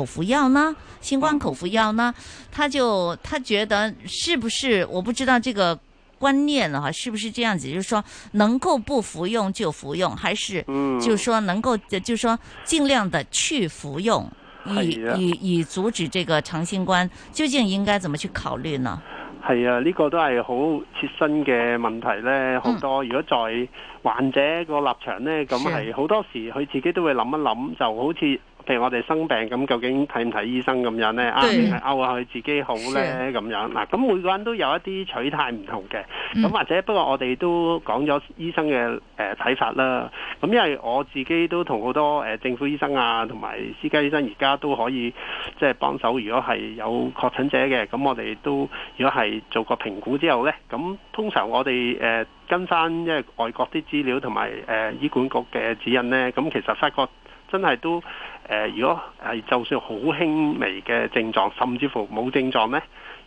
口服藥呢？新冠口服藥呢？他就他覺得是不是？我不知道這個觀念啊，是不是這樣子？就是說能夠不服用就服用，還是，嗯，就是說能夠，就是說盡量的去服用，嗯、以、啊、以以阻止這個長新冠。究竟應該怎麼去考慮呢？係啊，呢、呢個都係好切身嘅問題呢。好多。如果在患者個立場呢，咁係好多時佢自己都會諗一諗，就好似。譬如我哋生病咁，究竟睇唔睇醫生咁樣呢，啱定係勾下佢自己好呢？咁樣嗱，咁每個人都有一啲取態唔同嘅，咁或者不過我哋都講咗醫生嘅呃、睇法啦。咁因為我自己都同好多、呃、政府醫生啊，同埋私家醫生而家都可以即係幫手。如果係有確診者嘅，咁我哋都如果係做個評估之後呢。咁通常我哋誒、呃、跟翻即係外國啲資料同埋誒醫管局嘅指引呢。咁其實發覺真係都。誒、呃，如果係就算好輕微嘅症狀，甚至乎冇症狀咧，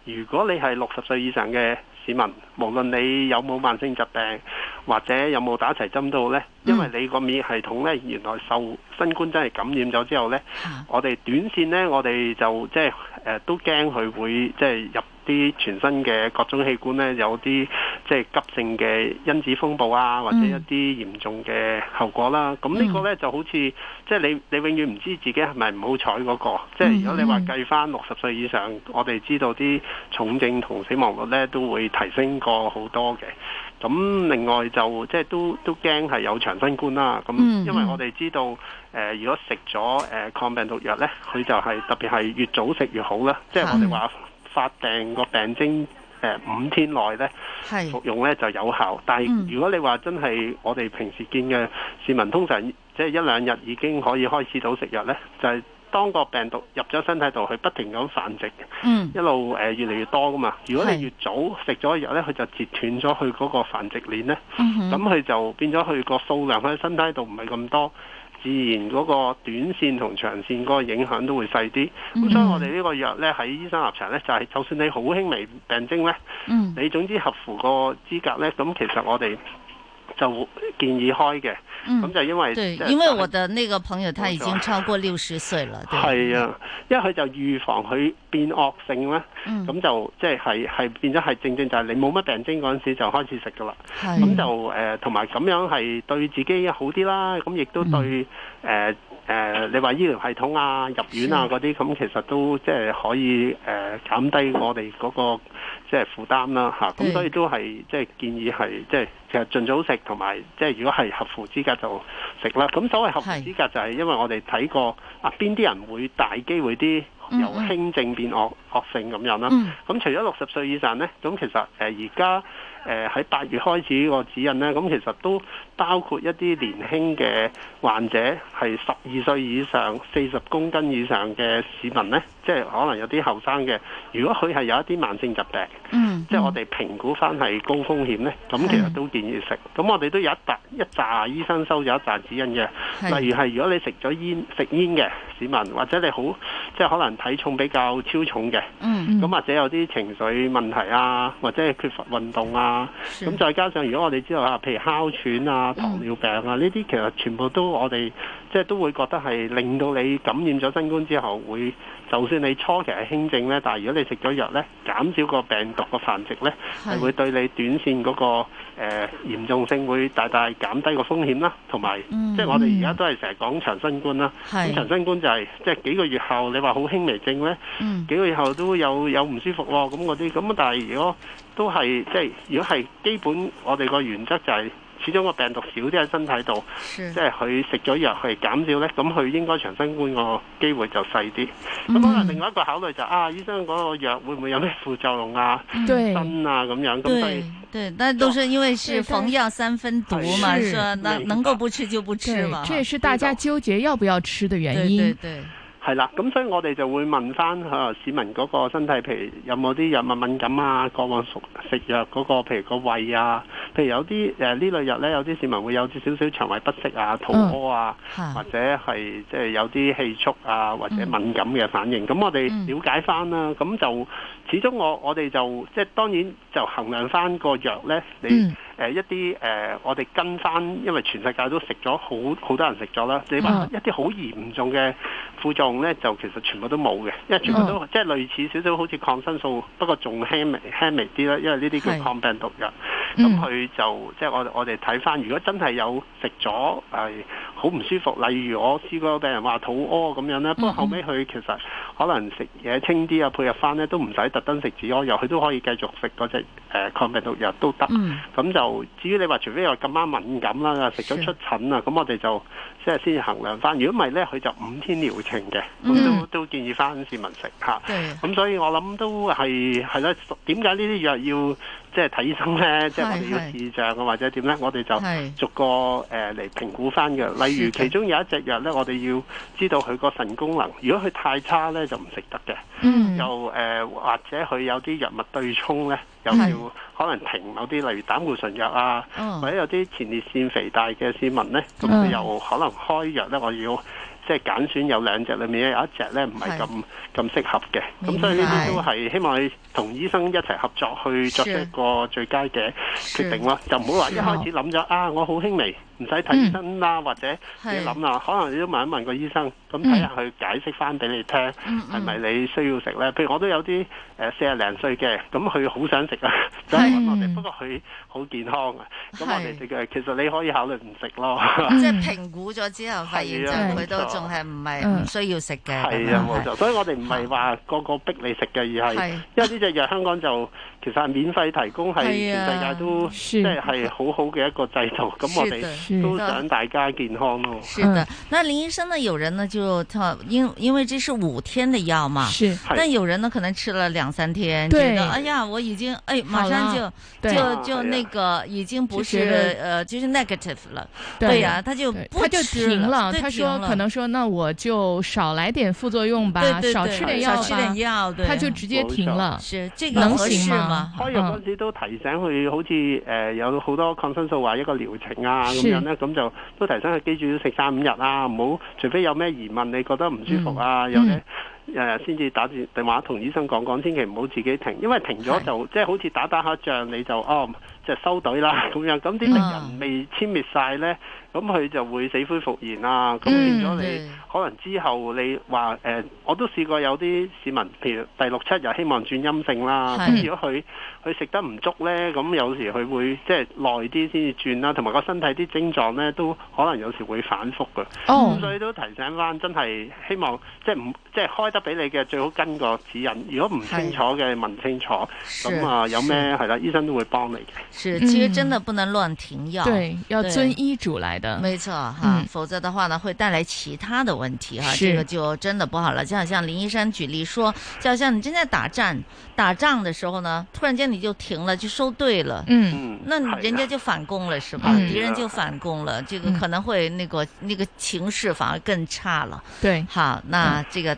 如果你係六十歲以上嘅市民，無論你有冇慢性疾病，或者有冇打齊針都好咧。因為你個免疫系統呢，原來受新冠真係感染咗之後呢，我哋短線呢，我哋就、呃、怕即係都驚佢會即係入啲全身嘅各種器官呢，有啲即係急性嘅因子風暴啊，或者一啲嚴重嘅後果啦。咁呢、嗯、個呢，就好似即係你你永遠唔知自己係咪唔好彩嗰個。嗯、即係如果你話計翻六十歲以上，我哋知道啲重症同死亡率呢，都會提升過好多嘅。咁另外就即係都都驚係有長。新冠啦，咁、嗯、因為我哋知道，誒、呃，如果食咗誒抗病毒藥咧，佢就係、是、特別係越早食越好啦。即、就、係、是、我哋話發病個病徵誒、呃、五天內咧，是服用咧就有效。但係如果你話真係我哋平時見嘅市民、嗯、通常即係、就是、一兩日已經可以開始到食藥咧，就係、是。當個病毒入咗身體度，佢不停咁繁殖，嗯、一路、呃、越嚟越多噶嘛。如果你越早食咗藥呢，佢就截斷咗佢嗰個繁殖鏈呢，咁佢就變咗佢個數量喺身體度唔係咁多，自然嗰個短線同長線嗰個影響都會細啲。咁、嗯、哼所以我哋呢個藥呢，喺醫生合場呢，就係、就算你好輕微病徵呢，嗯、你總之合符個資格呢。咁其實我哋。就建議開嘅，咁、嗯、就因為對、呃、因為我的那個朋友，他已經超過六十歲了，係說對啊，因為佢就預防佢變惡性咧，咁、嗯、就即係係係變咗係正正就係你冇乜病徵嗰陣時就開始食噶啦，咁是就誒同埋咁樣係對自己好啲啦，咁亦都對誒。嗯呃誒、呃，你話醫療系統啊、入院啊嗰啲，咁、嗯嗯、其實都即係、就是、可以誒減、呃、低我哋嗰、那個即係負擔啦，吓、就、咁、是啊、是所以都係即係建議係即係其實盡早食，同埋即係如果係合乎資格就食啦。咁所謂合乎資格就係因為我哋睇過是啊邊啲人會大機會啲、嗯、由輕症變惡惡、嗯、性咁樣啦、啊。咁、嗯、除咗六十歲以上呢，咁其實誒而家誒喺八月開始個指引呢，咁其實都。包括一啲年輕嘅患者係十二歲以上、四十公斤以上嘅市民呢，即係可能有啲後生嘅。如果佢係有一啲慢性疾病，嗯、即係我哋評估翻係高風險呢，咁其實都建議食。咁是我哋都有一扎一紮醫生收咗一紮指引嘅，是例如係如果你食咗煙食煙嘅市民，或者你好即係可能體重比較超重嘅，咁、嗯、或者有啲情緒問題啊，或者缺乏運動啊，咁是再加上如果我哋知道啊，譬如哮喘啊。啊，糖尿病啊，呢啲其實全部都我哋即係都會覺得係令到你感染咗新冠之後，會就算你初期係輕症呢，但係如果你食咗藥呢，減少個病毒個繁殖呢，係會對你短線嗰個誒嚴重性會大大減低個風險啦。同埋即係我哋而家都係成日講長新冠啦，長新冠就係即係幾個月後你話好輕微症呢，幾個月後都有有唔舒服喎咁嗰啲咁。但係如果都係即係如果係基本我哋個原則就係。始終個病毒少啲喺身體度，是即係佢食咗藥係減少咧，咁佢應該長新冠個機會就細啲。咁可能另外一個考慮就係、啊，醫生講個藥會唔會有咩副作用啊、身、嗯、啊咁樣咁對，對。對，但都是因為是逢藥三分毒嘛，對是啊，能能夠不吃就不吃嘛。對，這也是大家糾結要不要吃的原因。對，對，對。係啦，咁所以我哋就會問翻、啊、市民嗰個身體，譬如有冇啲藥物敏感啊，過往食食藥嗰、嗰個譬如個胃啊，譬如有啲、呃、呢類藥咧，有啲市民會有啲少少腸胃不適啊、肚屙啊、嗯就是、啊，或者係即係有啲氣促啊或者敏感嘅反應，咁、嗯、我哋瞭解翻啦，咁、嗯、就始終我我哋就即係當然就衡量翻個藥咧你。嗯一啲誒、呃，我哋跟翻，因為全世界都食咗，好好多人食咗啦。你話、uh. 一啲好嚴重嘅副作用咧，就其實全部都冇嘅，因為全部都、uh. 即係類似少少好似抗生素，不過仲輕微輕微啲啦。因為呢啲叫抗病毒藥，咁佢是就即係我我哋睇翻，如果真係有食咗好唔舒服，例如我試過病人話肚屙咁樣呢。不過後尾佢其實可能食嘢清啲啊，配合翻呢都唔使特登食止屙藥，佢都可以繼續食嗰隻誒抗病毒藥都得。咁、嗯、就至於你話除非有咁啱敏感啦，食咗出疹啊，咁是我哋就即係、就是、先衡量翻。如果唔係呢，佢就五天療程嘅，咁都、嗯、都建議翻市民食嚇。咁是所以我諗都係係啦。點解呢啲藥要即係睇醫生呢？即係是我哋要視像啊，是或者點呢？我哋就逐個誒嚟是、呃、評估翻嘅。例其中有一隻藥咧，我哋要知道佢個腎功能，如果佢太差咧，就唔食得嘅。嗯、mm.，又、呃、誒或者佢有啲藥物對沖咧，又要可能停某啲，例如膽固醇藥啊，oh. 或者有啲前列腺肥大嘅市民咧，咁佢又可能開藥咧，我要。即係，揀選有兩隻，裏面有一隻咧，唔係咁咁適合嘅。咁所以呢啲都係希望你同醫生一齊合作去作出一個最佳嘅決定咯，就唔好話一開始諗咗啊，我好輕微，唔使睇醫生啦，或者你諗啊，可能你都問一問個醫生，咁睇下佢解釋翻俾你聽，係咪你需要食咧？譬如我都有啲誒四十零歲嘅，咁佢好想食啊，就係我哋，不過佢好健康啊，咁我哋其實你可以考慮唔食咯。即係評估咗之後發現仲係唔係唔需要食嘅？係啊、嗯，冇錯。所以我哋唔係話個個逼你食嘅，而係係嘅因為呢隻藥香港就。其實係免費提供，係大家都即係好好嘅一個制度。咁我哋都想大家健康咯。是的。那林醫生呢？有人呢就，因因為這是五天的藥嘛。是。但有人呢可能吃了兩三天，覺得哎呀，我已經哎，馬上就就就那個已經不是，呃，就是 negative 了。對呀，他就他就停了。他說可能說，那我就少來點副作用吧，少吃點藥吧。少吃點藥，他就直接停了。是，這個能行嗎？開藥嗰時都提醒佢，好似誒、呃、有好多抗生素話一個療程啊咁樣咧，咁是就都提醒佢記住要食三五日啊，唔好除非有咩疑問，你覺得唔舒服啊，嗯、有啲誒先至打電電話同醫生講講，千祈唔好自己停，因為停咗就是即係好似打打下仗，你就哦即係、就是、收隊啦咁樣，咁啲敵人未殲滅晒咧。嗯嗯咁佢就會死灰復燃啦。咁變咗你、嗯、可能之後你話誒、呃，我都試過有啲市民，譬如第六七日希望轉陰性啦。咁是如果佢佢食得唔足呢，咁有時佢會即係耐啲先至轉啦，同埋個身體啲症狀呢都可能有時會反覆㗎。咁、哦、所以都提醒返，真係希望即係唔。即係開得俾你嘅，最好跟個指引。如果唔清楚嘅，問清楚。咁是啊，有咩係啦？醫生都會幫你嘅。是，其實真的不能亂停藥。嗯、對，要遵醫囑來的。對沒錯哈，啊嗯、否則的話呢，會帶來其他的問題哈、啊。這個就真的不好了。就好像林醫生舉例說，就好像你正在打仗，打仗的時候呢，突然間你就停了，就收隊了。嗯,嗯那人家就反攻了，嗯、是吧敵、嗯、人就反攻了，這個可能會那個那個情勢反而更差了。對。好，那這個。嗯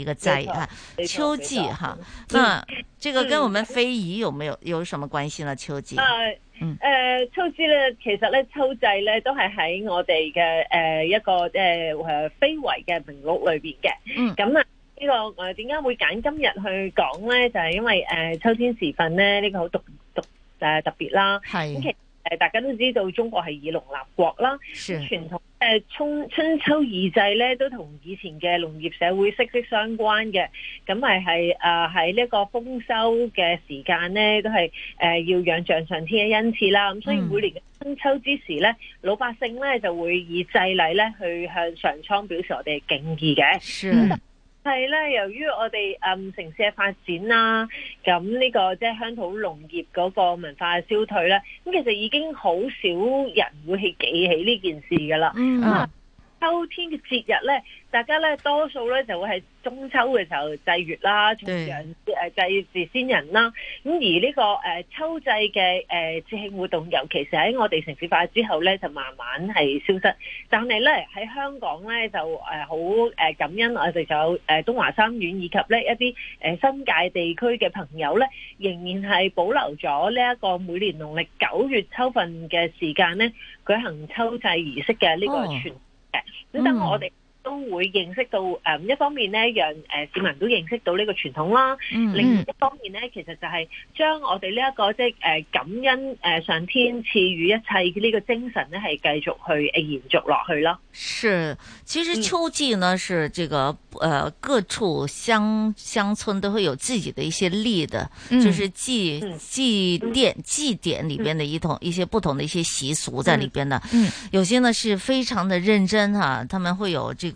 一個祭啊，秋季哈，嗯，這個跟我們非遺有沒有、嗯、有什麼關係呢？秋季，誒、呃，誒、嗯，秋季咧，其實咧，秋祭咧都係喺我哋嘅誒一個誒、呃呃、非遺嘅名錄裏邊嘅。嗯，咁啊、這個，呢個誒點解會揀今日去講咧？就係、是、因為誒、呃、秋天時分咧，呢、這個好獨獨誒特別啦。係的。誒，大家都知道中國係以農立國啦，傳是統誒春春秋二祭咧都同以前嘅農業社會息息相關嘅，咁咪係誒喺呢個豐收嘅時間咧，都係誒要仰仗上天嘅恩賜啦。咁所以每年嘅春秋之時咧，嗯、老百姓咧就會以祭禮咧去向上蒼表示我哋敬意嘅。是係咧，由於我哋誒、嗯、城市嘅發展啦，咁呢個即係鄉土農業嗰個文化嘅消退咧，咁其實已經好少人會去記起呢件事噶啦。嗯、哎。秋天嘅節日咧，大家咧多數咧就會係中秋嘅時候祭月啦，重陽誒祭拜先人啦。咁而呢個誒秋祭嘅誒節慶活動，尤其是喺我哋城市化之後咧，就慢慢係消失。但係咧喺香港咧就誒好誒感恩，我哋就有誒東華三院以及咧一啲誒新界地區嘅朋友咧，仍然係保留咗呢一個每年農曆九月秋分嘅時間咧舉行秋祭儀式嘅呢個全只得我哋。嗯都會認識到誒、嗯、一方面咧，讓誒、呃、市民都認識到呢個傳統啦；嗯、另一方面咧，其實就係將我哋呢一個即係誒感恩誒上天賜予一切嘅呢個精神咧，係繼續去誒、呃、延續落去咯。是，其實秋祭呢，是這個誒、呃、各處鄉鄉村都會有自己的一些例的，嗯、就是祭、嗯、祭奠祭典裏邊的一同一些不同的一些習俗在裏邊的。嗯，嗯有些呢是非常的認真哈、啊，他們會有這個。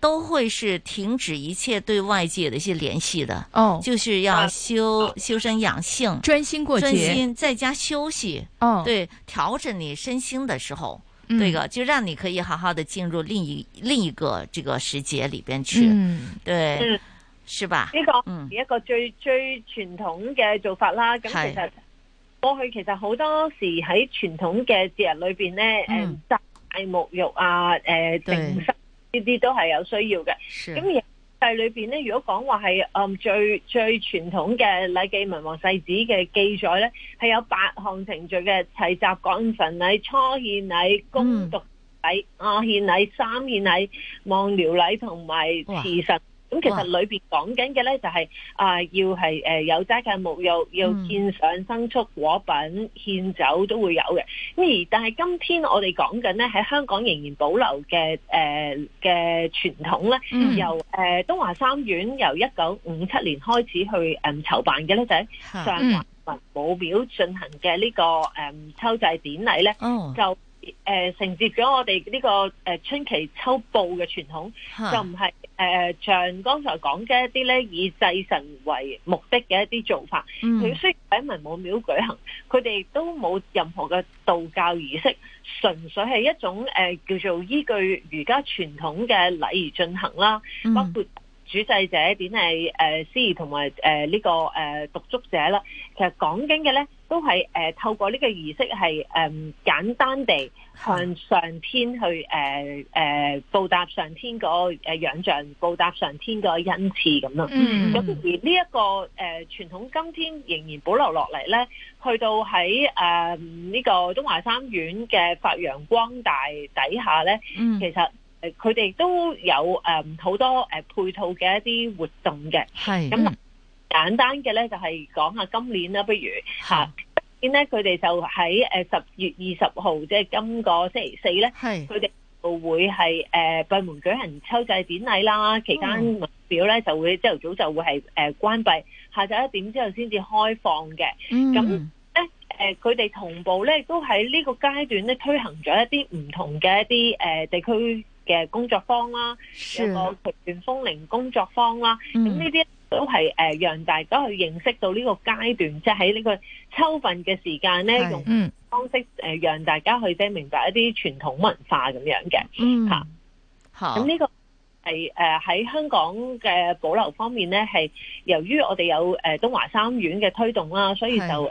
都會是停止一切對外界的一些聯繫的，就是要修修身養性，專心過節，專心在家休息，對，調整你身心的時候，這個就讓你可以好好的進入另一另一個這個時節裏邊去，嗯，對，是吧？呢個是一個最最傳統嘅做法啦。咁其實過去其實好多時喺傳統嘅節日裏邊呢，誒，大沐浴啊，誒，呢啲都係有需要嘅。咁日曆裏邊咧，嗯、如果講話係嗯最最傳統嘅禮記文王世子嘅記載咧，係有八項程序嘅：齊集降神禮、初獻禮、公讀禮、亞獻禮、三獻禮、望燎禮同埋辭神。咁其實裏面講緊嘅咧，就係啊，要係誒有齋嘅，冇又要獻上牲畜果品，獻酒都會有嘅。咁而但係今天我哋講緊咧，喺香港仍然保留嘅誒嘅傳統咧，由誒東華三院由一九五七年開始去誒籌辦嘅咧，就喺上環文武廟進行嘅呢個誒秋祭典禮咧，就誒承接咗我哋呢個誒春祈秋報嘅傳統，就唔係。誒、呃，像剛才講嘅一啲咧，以祭神為目的嘅一啲做法，佢雖然喺文武廟舉行，佢哋都冇任何嘅道教儀式，純粹係一種、呃、叫做依據儒家傳統嘅禮儀進行啦，包括。主祭者點係誒司儀同埋誒呢個誒讀祝者啦，其實講緊嘅咧都係誒、呃、透過呢個儀式係誒、呃、簡單地向上天去誒誒、呃呃、報答上天個誒養賬報答上天恩賜、嗯這個恩賜咁咯。咁而呢一個誒傳統今天仍然保留落嚟咧，去到喺誒呢個東華三院嘅發揚光大底下咧，其實。嗯佢哋都有誒好、呃、多誒、呃、配套嘅一啲活動嘅，係咁簡單嘅咧，就係、是、講下今年啦，不如嚇先咧，佢哋是、啊、就喺誒十月二十號，即、就、係、是、今個星期四咧，係佢哋會係誒、呃、閉門舉行秋祭典禮啦。期、嗯、間表咧就會朝頭早就會係誒、呃、關閉，下晝一點之後先至開放嘅。咁咧誒，佢哋、呃、同步咧都喺呢個階段咧推行咗一啲唔同嘅一啲誒、呃、地區嘅工作坊啦，有、啊嗯、個葵園風鈴工作坊啦，咁呢啲都係誒，讓大家去認識到呢個階段，即係喺呢個秋分嘅時間咧，嗯、用方式誒，讓大家去即係明白一啲傳統文化咁樣嘅吓、嗯。好，咁呢個係誒喺香港嘅保留方面咧，係由於我哋有誒東華三院嘅推動啦，所以就。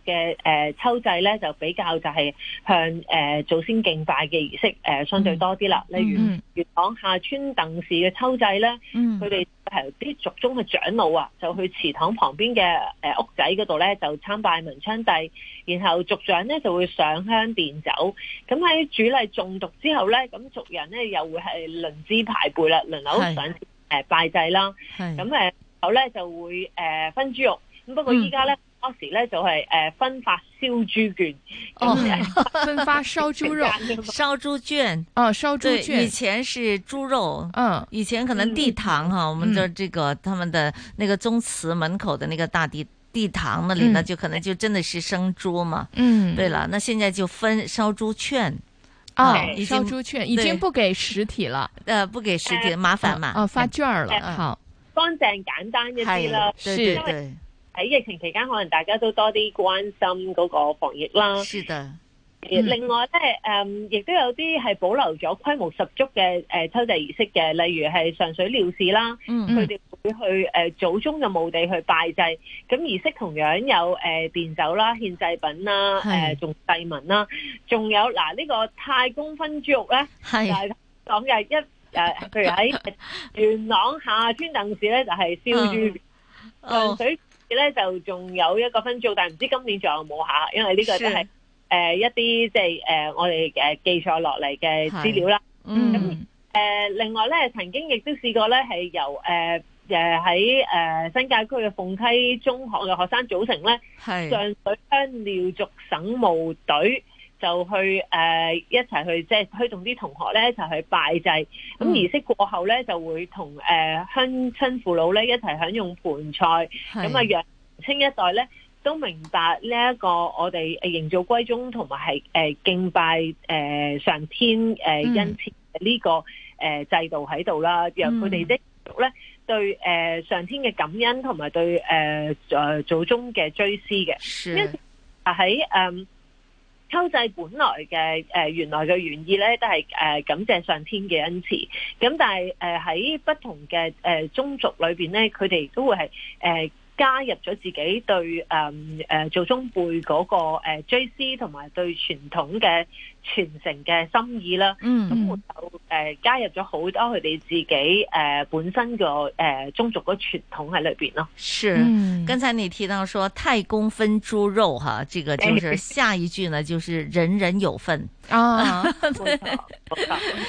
嘅誒、呃、秋祭咧就比較就係向誒、呃、祖先敬拜嘅儀式誒、呃、相對多啲啦，嗯、例如粵港下村鄧氏嘅秋祭咧，佢哋係啲族中嘅長老啊，就去祠堂旁邊嘅誒、呃、屋仔嗰度咧就參拜文昌帝，然後族長咧就會上香奠酒，咁喺主禮中毒之後咧，咁族人咧又會係輪資排輩啦，輪流上誒是、呃、拜祭啦，咁誒是後咧就會誒、呃、分豬肉，咁不過依家咧。嗯當時呢，就係誒分發燒豬券，哦，分發燒豬肉，燒豬券，哦，燒豬券。對，以前是豬肉，嗯，以前可能地堂哈，我們的這個他們的那個宗祠門口的那個大地地堂那裏呢，就可能就真的是生豬嘛，嗯，對了，那現在就分燒豬券，啊，燒豬券已經不給實體了，呃，不給實體，麻煩嘛，哦，發券了，好，乾淨簡單一啲啦，對對對。喺疫情期間，可能大家都多啲關心嗰個防疫啦。是的。另外咧，誒，亦都有啲係保留咗規模十足嘅誒秋祭儀式嘅，例如係上水廖氏啦，佢哋會去誒祖宗嘅墓地去拜祭，咁儀式同樣有誒奠酒啦、獻祭品啦、誒誦祭文啦，仲有嗱呢個太公分豬肉咧，係講嘅一誒，譬如喺元朗下村鄧氏咧，就係燒豬上水。咧就仲有一個分組，但係唔知今年仲有冇下？因為呢個真係誒一啲即係誒我哋誒記錯落嚟嘅資料啦。嗯，誒、呃、另外咧曾經亦都試過咧係由誒誒喺誒新界區嘅鳳溪中學嘅學生組成咧是上水鄉廖族省務隊。就去誒、呃、一齊去即係、就是、推動啲同學咧一齊去拜祭，咁儀式過後咧就會同誒、呃、鄉親父老咧一齊享用盤菜，咁啊讓青一代咧都明白呢一個我哋營造歸宗同埋係誒敬拜誒、呃、上天誒恩賜呢個誒、呃、制度喺度啦，讓佢哋的咧對誒、呃、上天嘅感恩同埋對誒、呃、祖宗嘅追思嘅。係喺誒。溝祭本來嘅誒原來嘅原意咧，都係誒感謝上天嘅恩慈。咁但係誒喺不同嘅誒宗族裏邊咧，佢哋都會係誒加入咗自己對誒誒祖宗輩嗰個 JC，同埋對傳統嘅傳承嘅心意啦，咁就誒加入咗好多佢哋自己誒本身個誒宗族嘅傳統喺裏邊咯。是，嗯，剛才你提到說太公分豬肉哈，這個就是下一句呢，就是人人有份啊。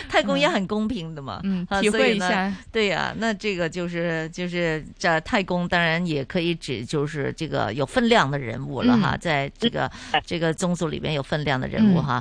太公也很公平的嘛。嗯，體會一下。對啊，那這個就是就是在太公當然也可以指就是這個有分量的人物啦，哈，在這個這個宗族裏面有分量的人物哈。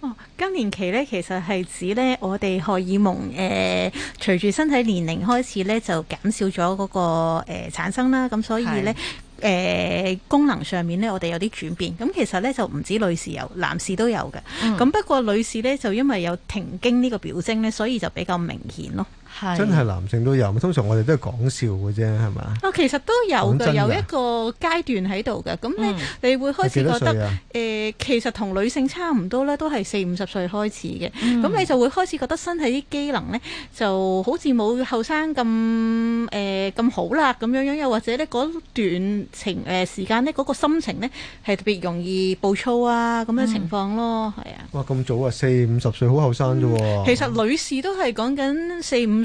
哦，更年期咧，其實係指咧我哋荷爾蒙誒、呃，隨住身體年齡開始咧就減少咗嗰、那個誒、呃、產生啦，咁所以咧誒是、呃、功能上面咧我哋有啲轉變，咁其實咧就唔止女士有，男士都有嘅，咁、嗯、不過女士咧就因為有停經呢個表徵咧，所以就比較明顯咯。是真係男性都有，通常我哋都係講笑嘅啫，係嘛？其實都有嘅，有一個階段喺度嘅。咁你、嗯、你會開始覺得、啊呃、其實同女性差唔多咧，都係四五十歲開始嘅。咁、嗯、你就會開始覺得身體啲機能呢，就好似冇後生咁咁好啦，咁樣樣。又或者呢嗰段情誒、呃、時間呢，嗰個心情呢，係特別容易暴躁啊咁嘅情況咯，係、嗯、啊。哇！咁早啊，四五十歲好後生啫喎。其實女士都係講緊四五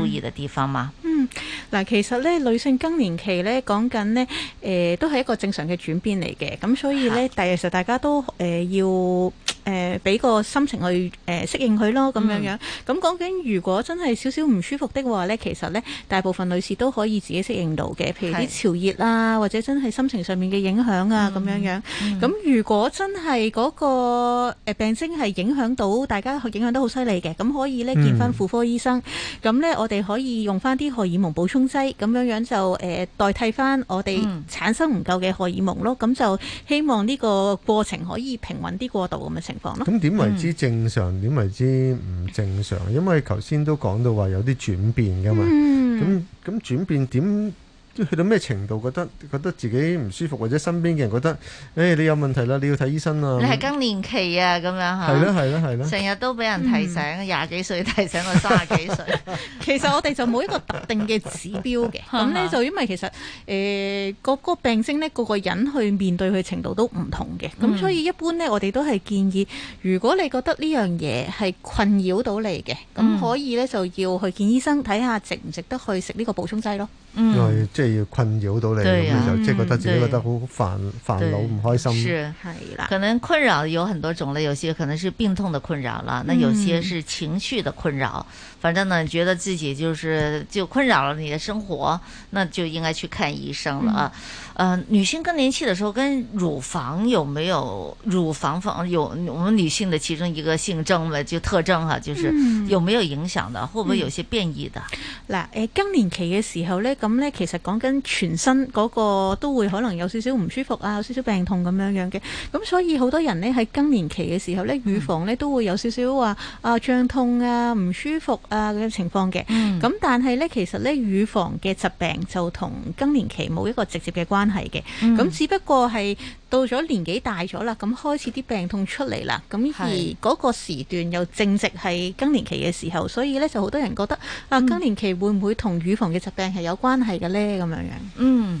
注意嘅地方嘛，嗯，嗱，其實咧，女性更年期咧，講緊咧，誒，都係一個正常嘅轉變嚟嘅，咁所以咧，第日時大家都誒、呃、要。誒俾、呃、個心情去誒、呃、適應佢咯，咁樣樣。咁講緊，嗯嗯、如果真係少少唔舒服的話呢，其實呢大部分女士都可以自己適應到嘅。譬如啲潮熱啊，或者真係心情上面嘅影響啊，咁樣樣。咁如果真係嗰個病徵係影響到大家，去影響得好犀利嘅，咁可以呢見翻婦科醫生。咁呢、嗯、我哋可以用翻啲荷爾蒙補充劑，咁樣樣就誒、呃、代替翻我哋產生唔夠嘅荷爾蒙咯。咁、嗯、就希望呢個過程可以平穩啲過渡咁嘅情況。咁點為之正常？點為之唔正常？因為頭先都講到話有啲轉變㗎嘛，咁咁、嗯、轉變點？去到咩程度，覺得覺得自己唔舒服，或者身邊嘅人覺得，誒、欸，你有問題啦，你要睇醫生啊。你係更年期啊，咁樣吓？係啦係啦係啦，成日都俾人提醒，廿、嗯、幾歲提醒我，三十幾歲。 其實我哋就冇一個特定嘅指標嘅，咁咧 就因為其實誒，嗰、呃、個病徵呢，個個人去面對佢程度都唔同嘅，咁、嗯、所以一般呢，我哋都係建議，如果你覺得呢樣嘢係困擾到你嘅，咁可以呢，就要去見醫生睇下值唔值得去食呢個補充劑咯。嗯、因為即係困擾到你，對啊、然後就即係覺得自己覺得好煩煩惱唔開心。是可能困擾有很多種類，有些可能是病痛的困擾了，那有些是情緒的困擾。嗯、反正呢，覺得自己就是就困擾了你的生活，那就應該去看醫生了啊、嗯呃。女性更年期的時候，跟乳房有沒有乳房房有？我們女性的其中一個性徵嘛，就特徵哈、啊，就是有沒有影響的，嗯、會不會有些變異的？嗱，更年期嘅時候呢。咁咧，其實講緊全身嗰個都會可能有少少唔舒服啊，有少少病痛咁樣樣嘅。咁所以好多人咧，喺更年期嘅時候咧，乳房咧都會有少少話啊脹痛啊、唔舒服啊嘅情況嘅。咁、嗯、但係咧，其實咧乳房嘅疾病就同更年期冇一個直接嘅關係嘅。咁只不過係。到咗年紀大咗啦，咁開始啲病痛出嚟啦，咁而嗰個時段又正值係更年期嘅時候，所以咧就好多人覺得啊，更年期會唔會同乳房嘅疾病係有關係嘅咧？咁樣樣，嗯。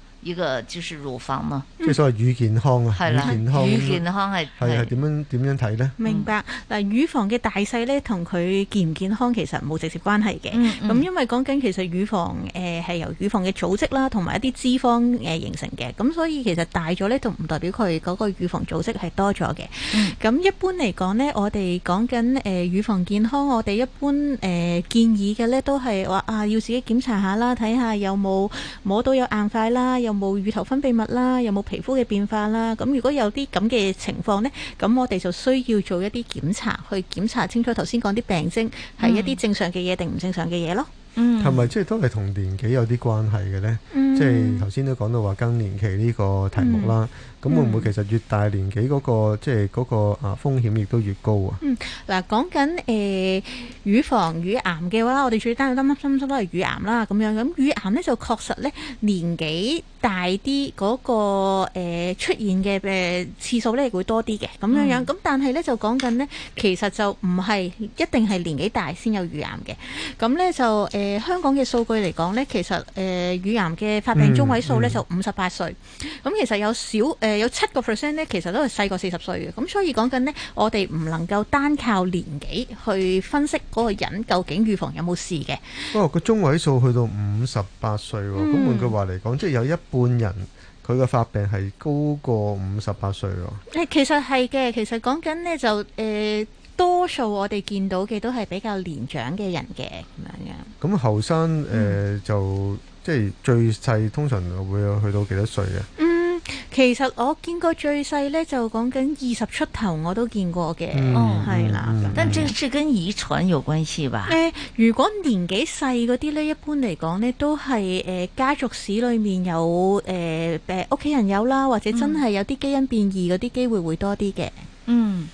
依個就是乳房嘛，嗯、即係所謂乳健康啊，的乳健康。乳健康係係係點樣點樣睇的呢？明白嗱，乳房嘅大細咧，同佢健唔健康其實冇直接關係嘅。咁、嗯嗯、因為講緊其實乳房誒係、呃、由乳房嘅組織啦，同埋一啲脂肪誒形成嘅。咁所以其實大咗咧，就唔代表佢嗰個乳房組織係多咗嘅。咁、嗯、一般嚟講呢，我哋講緊誒乳房健康，我哋一般誒、呃、建議嘅咧，都係話啊，要自己檢查下啦，睇下有冇摸到有硬塊啦，有冇乳頭分泌物啦？有冇皮膚嘅變化啦？咁如果有啲咁嘅情況呢，咁我哋就需要做一啲檢查，去檢查清楚頭先講啲病徵係一啲正常嘅嘢，定唔正常嘅嘢咯。嗯，係咪即係都係同年紀有啲關係嘅呢？嗯、即係頭先都講到話更年期呢個題目啦。嗯咁、嗯、會唔會其實越大年紀嗰、那個即係嗰個啊風險亦都越高、嗯、啊？嗯，嗱講緊誒乳房乳癌嘅話，我哋最單嘅啱啱都係乳癌啦，咁樣咁乳癌咧就確實咧年紀大啲嗰、那個、呃、出現嘅誒、呃、次數咧會多啲嘅，咁樣樣咁、嗯、但係咧就講緊呢，其實就唔係一定係年紀大先有乳癌嘅，咁咧就誒、呃、香港嘅數據嚟講咧，其實誒、呃、乳癌嘅發病中位數咧、嗯嗯、就五十八歲，咁、嗯、其實有少誒。呃有七個 percent 咧，其實都係細過四十歲嘅，咁所以講緊呢，我哋唔能夠單靠年紀去分析嗰個人究竟預防有冇事嘅。不過個中位數去到五十八歲，咁、嗯、換句話嚟講，即係有一半人佢嘅發病係高過五十八歲喎。其實係嘅，其實講緊呢，就誒、呃，多數我哋見到嘅都係比較年長嘅人嘅咁樣樣。咁後生誒就即係最細，通常會有去到幾多歲嘅？其實我見過最細咧，就講緊二十出頭，我都見過嘅。哦、嗯，係啦，嗯嗯嗯、但最最跟遺傳有關係吧？誒、呃，如果年紀細嗰啲咧，一般嚟講呢，都係誒、呃、家族史裏面有誒誒屋企人有啦，或者真係有啲基因變異嗰啲機會會多啲嘅。嗯，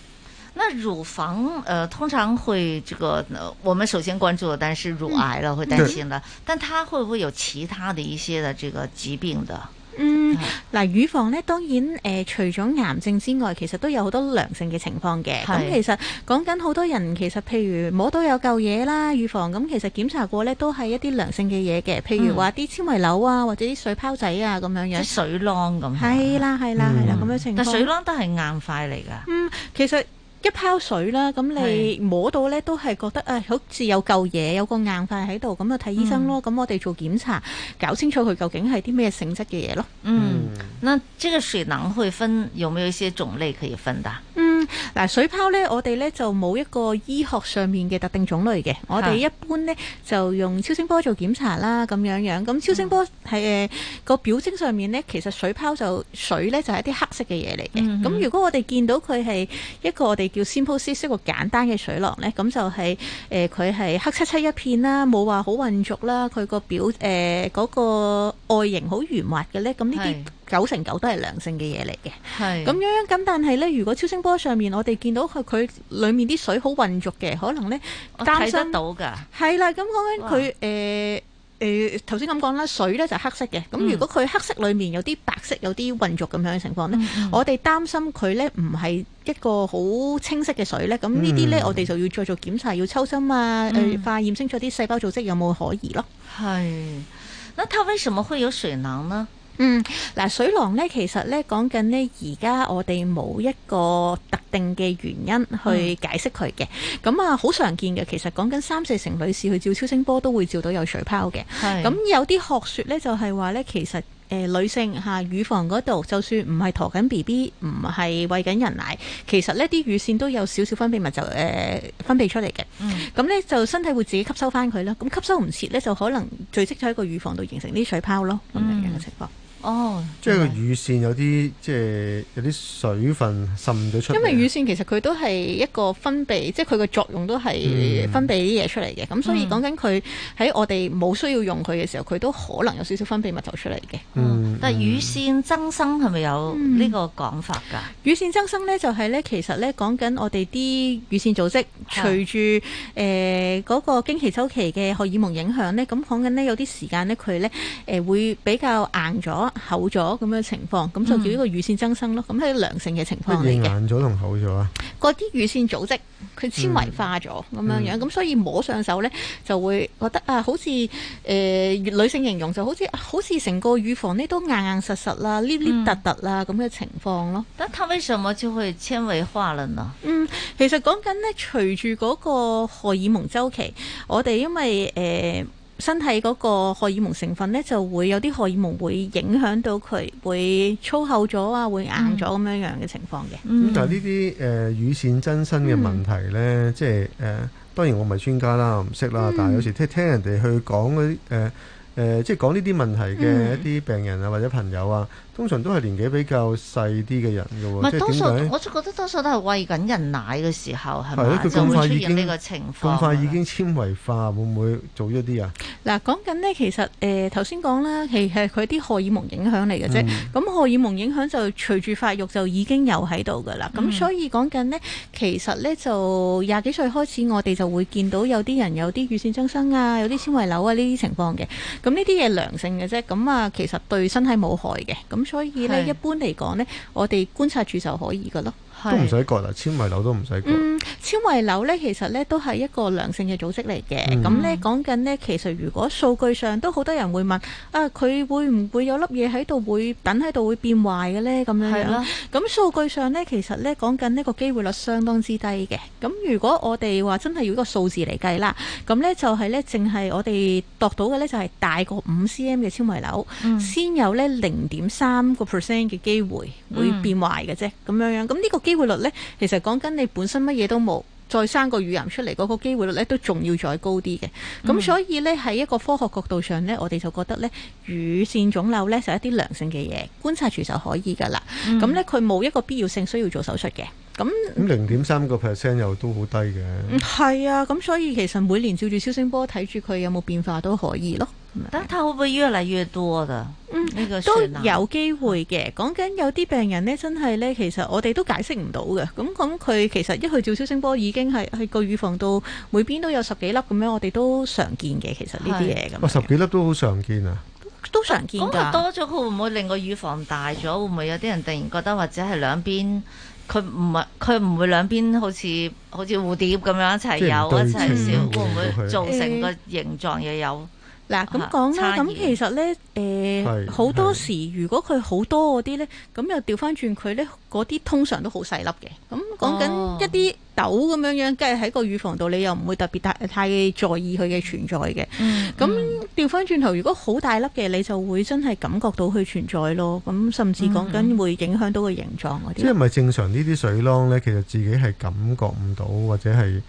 那乳房誒、呃、通常會這個、呃，我們首先關注，但是乳癌啦會擔心啦，嗯嗯、但佢會唔會有其他的一些嘅這個疾病的？嗯，嗱，乳房咧當然、呃、除咗癌症之外，其實都有好多良性嘅情況嘅。咁其實講緊好多人其實，其實譬如摸到有嚿嘢啦，預防咁其實檢查過咧，都係一啲良性嘅嘢嘅，譬如話啲纖維瘤啊，或者啲水泡仔啊咁樣、嗯、樣。水囊，咁。係啦，係啦，係啦，咁、嗯、樣情況。但水囊都係硬塊嚟㗎。嗯，其實。一泡水啦，咁你摸到咧是都係覺得啊、哎，好似有嚿嘢，有個硬塊喺度，咁啊睇醫生咯。咁、嗯、我哋做檢查，搞清楚佢究竟係啲咩性質嘅嘢咯。嗯，那這個水囊會分有冇一些種類可以分的？嗱水泡咧，我哋咧就冇一個醫學上面嘅特定種類嘅，我哋一般咧就用超聲波做檢查啦，咁樣樣。咁超聲波係個表徵上面咧，其實水泡就水咧就係一啲黑色嘅嘢嚟嘅。咁、嗯、哼如果我哋見到佢係一個我哋叫 simple cyst 個簡單嘅水囊咧，咁就係誒佢係黑漆漆一片啦，冇話好混濁啦，佢個表誒嗰、呃那個。外形好圓滑嘅咧，咁呢啲九成九都係良性嘅嘢嚟嘅。係咁樣，咁但係咧，如果超聲波上面我哋見到佢佢裡面啲水好混濁嘅，可能咧我擔心睇得到㗎。係啦，咁講緊佢誒誒頭先咁講啦，水咧就是、黑色嘅。咁如果佢黑色裡面有啲白色，有啲混濁咁樣嘅情況咧，嗯、我哋擔心佢咧唔係一個好清晰嘅水咧。咁呢啲咧，嗯、我哋就要再做檢查，要抽針啊，誒、呃、化驗清楚啲細胞組織有冇可疑咯。係。那它為什麼會有水囊呢？嗯，嗱，水囊咧，其實咧，講緊呢，而家我哋冇一個特定嘅原因去解釋佢嘅，咁啊、嗯，好常見嘅。其實講緊三四成女士去照超聲波都會照到有水泡嘅，咁是有啲學說咧就係話咧，其實。誒、呃，女性吓乳房嗰度，就算唔係陀緊 B B，唔係餵緊人奶，其實呢啲乳腺都有少少分泌物就，就、呃、誒分泌出嚟嘅。咁咧、嗯、就身體會自己吸收翻佢啦。咁吸收唔切咧，就可能聚積喺個乳房度，形成啲水泡咯咁、嗯、樣嘅情況。哦，oh, 即係個乳腺有啲、嗯、即係有啲水分滲咗出來，因為乳腺其實佢都係一個分泌，即係佢嘅作用都係分泌啲嘢出嚟嘅。咁、嗯、所以講緊佢喺我哋冇需要用佢嘅時候，佢都可能有少少分泌物走出嚟嘅、嗯。嗯，但係乳腺增生係咪有呢個講法噶、嗯？乳腺增生咧就係咧，其實咧講緊我哋啲乳腺組織的隨住誒嗰個經期周期嘅荷爾蒙影響咧，咁講緊咧有啲時間咧佢咧誒會比較硬咗。厚咗咁嘅情況，咁就叫呢個乳腺增生咯。咁係良性嘅情況嚟嘅。硬咗同厚咗啊！嗰啲乳腺組織佢纖維化咗咁樣樣，咁所以摸上手咧就會覺得啊，好似誒女性形容就好似好似成個乳房呢都硬硬實實啦、黏黏突突啦咁嘅情況咯。但它為什麼就會纖維化了呢？嗯，其實講緊咧，隨住嗰個荷爾蒙週期，我哋因為誒。身體嗰個荷爾蒙成分呢，就會有啲荷爾蒙會影響到佢，會粗厚咗啊，會硬咗咁、嗯、樣樣嘅情況嘅。嗯嗯、但係呢啲誒乳腺增生嘅問題呢，嗯、即係誒、呃，當然我唔係專家啦，唔識啦，嗯、但係有時聽聽人哋去講嗰啲誒誒，即係講呢啲問題嘅一啲病人啊，嗯、或者朋友啊。通常都係年紀比較細啲嘅人嘅喎，唔係多數，就我就覺得多數都係喂緊人奶嘅時候係咪？對是吧就會出現呢個情況。咁快，快已經纖維化，的會唔會早咗啲啊？嗱，講緊呢，其實誒頭先講啦，其係佢啲荷爾蒙影響嚟嘅啫。咁荷、嗯、爾蒙影響就隨住發育就已經有喺度㗎啦。咁、嗯、所以講緊呢，其實咧就廿幾歲開始，我哋就會見到有啲人有啲乳腺增生啊，有啲纖維瘤啊呢啲情況嘅。咁呢啲嘢良性嘅啫，咁啊其實對身體冇害嘅。咁所以咧，一般嚟講咧，是我哋觀察住就可以噶咯。都唔使割啦，纖維瘤都唔使割。嗯，纖維瘤咧，其實咧都係一個良性嘅組織嚟嘅。咁咧講緊咧，其實如果數據上都好多人會問啊，佢會唔會有粒嘢喺度會等喺度會變壞嘅咧？咁樣樣。係啦。咁數據上咧，其實咧講緊呢個機會率是相當之低嘅。咁如果我哋話真係要一個數字嚟計啦，咁咧就係咧淨係我哋度到嘅咧就係大過五 cm 嘅纖維瘤，嗯、先有咧零點三個 percent 嘅機會會變壞嘅啫。咁樣，嗯、樣。咁呢個。機會率呢，其實講緊你本身乜嘢都冇，再生個乳癌出嚟嗰個機會率呢，都仲要再高啲嘅。咁所以呢，喺一個科學角度上呢，嗯、我哋就覺得呢，乳腺腫瘤呢，就係一啲良性嘅嘢，觀察住就可以噶啦。咁呢、嗯，佢冇一個必要性需要做手術嘅。咁零點三個 percent 又都好低嘅。係啊，咁所以其實每年照住超聲波睇住佢有冇變化都可以咯。但睇會唔會越嚟越多噶？嗯，呢個都有機會嘅。講緊有啲病人咧，真係咧，其實我哋都解釋唔到嘅。咁咁，佢其實一去照超聲波，已經係係個乳房到每邊都有十幾粒咁樣，我哋都常見嘅。其實呢啲嘢咁，哇的、哦，十幾粒都好常見啊，都，都常見噶。那個、多咗佢會唔會令個乳房大咗？會唔會有啲人突然覺得或者係兩邊佢唔係佢唔會兩邊好似好似蝴蝶咁樣一齊有一齊少，嗯、會唔會造成個形狀又有？嗱咁講啦，咁其實咧，誒、呃、好是多時，是如果佢好多嗰啲咧，咁又調翻轉佢咧，嗰啲通常都好細粒嘅。咁講緊一啲豆咁樣樣，梗係喺個乳房度，你又唔會特別太太在意佢嘅存在嘅。咁調翻轉頭，如果好大粒嘅，你就會真係感覺到佢存在咯。咁甚至講緊會影響到個形狀嗰啲。嗯嗯、即係咪正常呢啲水囊咧？其實自己係感覺唔到，或者係。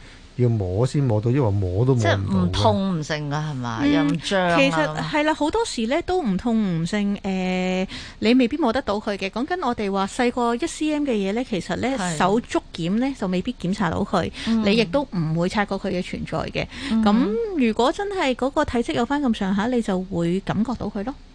要摸先摸到，因為摸都摸唔到。即係唔痛唔剩㗎係嘛？陰脹啊。其實係啦，好多時咧都唔痛唔剩。誒、呃，你未必摸得到佢嘅。講緊我哋話細個一 cm 嘅嘢咧，其實咧手足檢咧就未必檢查到佢，的你亦都唔會察覺佢嘅存在嘅。咁、嗯、如果真係嗰個體積有翻咁上下，你就會感覺到佢咯。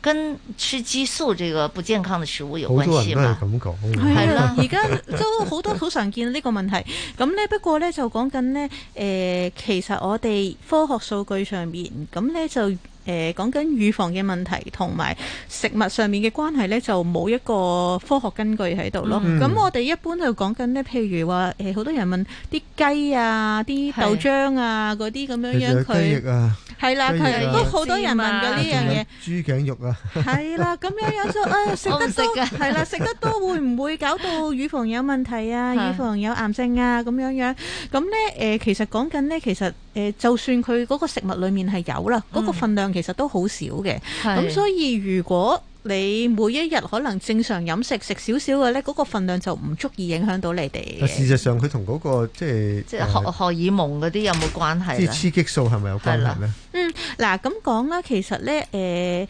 跟吃激素這個不健康的食物有關係嘛？係啦，而家了 都好多好常見呢個問題。咁呢，不過呢，就講緊呢。誒、呃，其實我哋科學數據上面，咁呢就。誒、呃，講緊乳房嘅問題同埋食物上面嘅關係咧，就冇一個科學根據喺度咯。咁、嗯、我哋一般就講緊咧，譬如話誒，好、呃、多人問啲雞啊、啲豆漿啊嗰啲咁樣樣佢。雞翼啊，係它、啊、啦，佢、啊、都好多人問嘅呢樣嘢。豬頸肉啊，係 啦，咁樣樣就誒食得多，係、啊、啦，食得多會唔會搞到乳房有問題啊？乳房 有癌症啊？咁樣這樣咁咧，誒、嗯呃，其實講緊咧，其實。誒、呃，就算佢嗰個食物裡面係有啦，嗰、嗯、個份量其實都好少嘅。咁的所以如果你每一日可能正常飲食食少少嘅呢，嗰、那個份量就唔足以影響到你哋。事實上、那個，佢同嗰個即係、呃、即係荷荷爾蒙嗰啲有冇關係？即係雌激素係咪有關係呢？的嗯，嗱咁講啦，其實呢。誒、呃。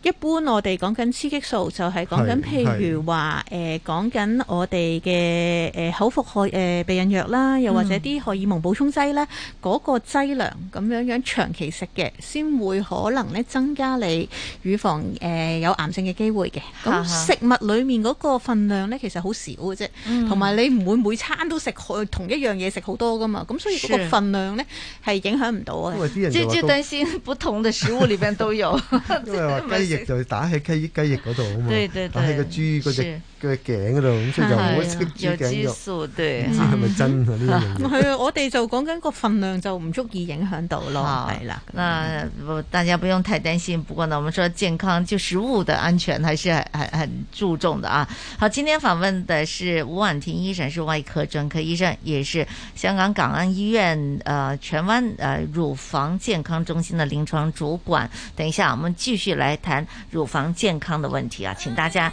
一般我哋講緊雌激素就係、是、講緊，譬如話誒、呃、講緊我哋嘅誒口服荷誒、呃、避孕藥啦，又或者啲荷爾蒙補充劑咧，嗰、嗯、個劑量咁樣樣長期食嘅，先會可能咧增加你乳房誒有癌症嘅機會嘅。咁食物裏面嗰個分量咧，其實好少嘅啫，同埋、嗯、你唔會每餐都食同一樣嘢食好多㗎嘛。咁所以嗰個分量咧係是影響唔到嘅。即係等於，不同嘅食物裏邊都有。 翼就打喺雞雞翼嗰度啊嘛， 對對對，打喺個豬嗰隻，那個佢頸嗰度咁就又好，又激素啲，係咪真啊？呢個嘢係啊！啊啊啊我哋就講緊個分量就唔足以影響到咯。係啦，對那大家不用太擔心。不過呢，我們說健康就食物的安全，還是很很注重的啊。好，今天訪問的是伍蕙婷醫生，是外科專科醫生，也是香港港安醫院誒荃灣誒乳房健康中心的臨床主管。等一下，我們繼續來談乳房健康的問題啊！請大家。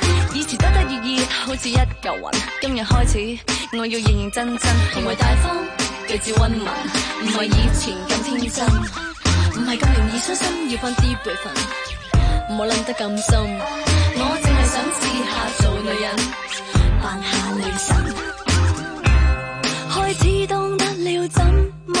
好似一嚿雲，今日開始，我要認認真真，行為大方，舉止溫文，唔係以前咁天真，唔係咁容易傷心，要翻啲輩份，唔好諗得咁深，我淨係想試下做女人，扮下女神，開始懂得了怎麼？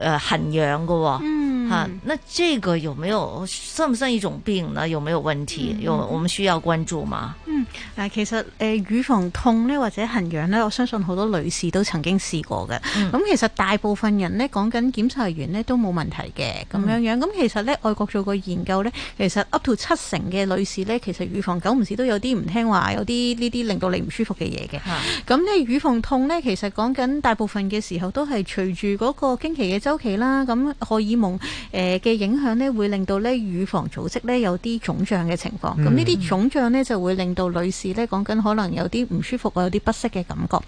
誒，痕癢嘅喎，吓、哦嗯啊，那這個有沒有生唔生一種病呢？有沒有問題？有，我們需要關注嗎？嗯，嗱，其實誒、呃，乳房痛咧或者痕癢咧，我相信好多女士都曾經試過嘅。咁、嗯、其實大部分人咧講緊檢查完咧都冇問題嘅咁樣樣。咁、嗯、其實咧外國做過研究咧，其實 up to 七成嘅女士咧，其實乳房久唔是都有啲唔聽話，有啲呢啲令到你唔舒服嘅嘢嘅。咁呢、嗯嗯嗯、乳房痛咧，其實講緊大部分嘅時候都係隨住嗰個經期嘅周期啦，咁荷爾蒙誒嘅影響咧，會令到咧乳房組織咧有啲腫脹嘅情況，咁呢啲腫脹咧就會令到女士咧講緊可能有啲唔舒服啊，有啲不適嘅感覺，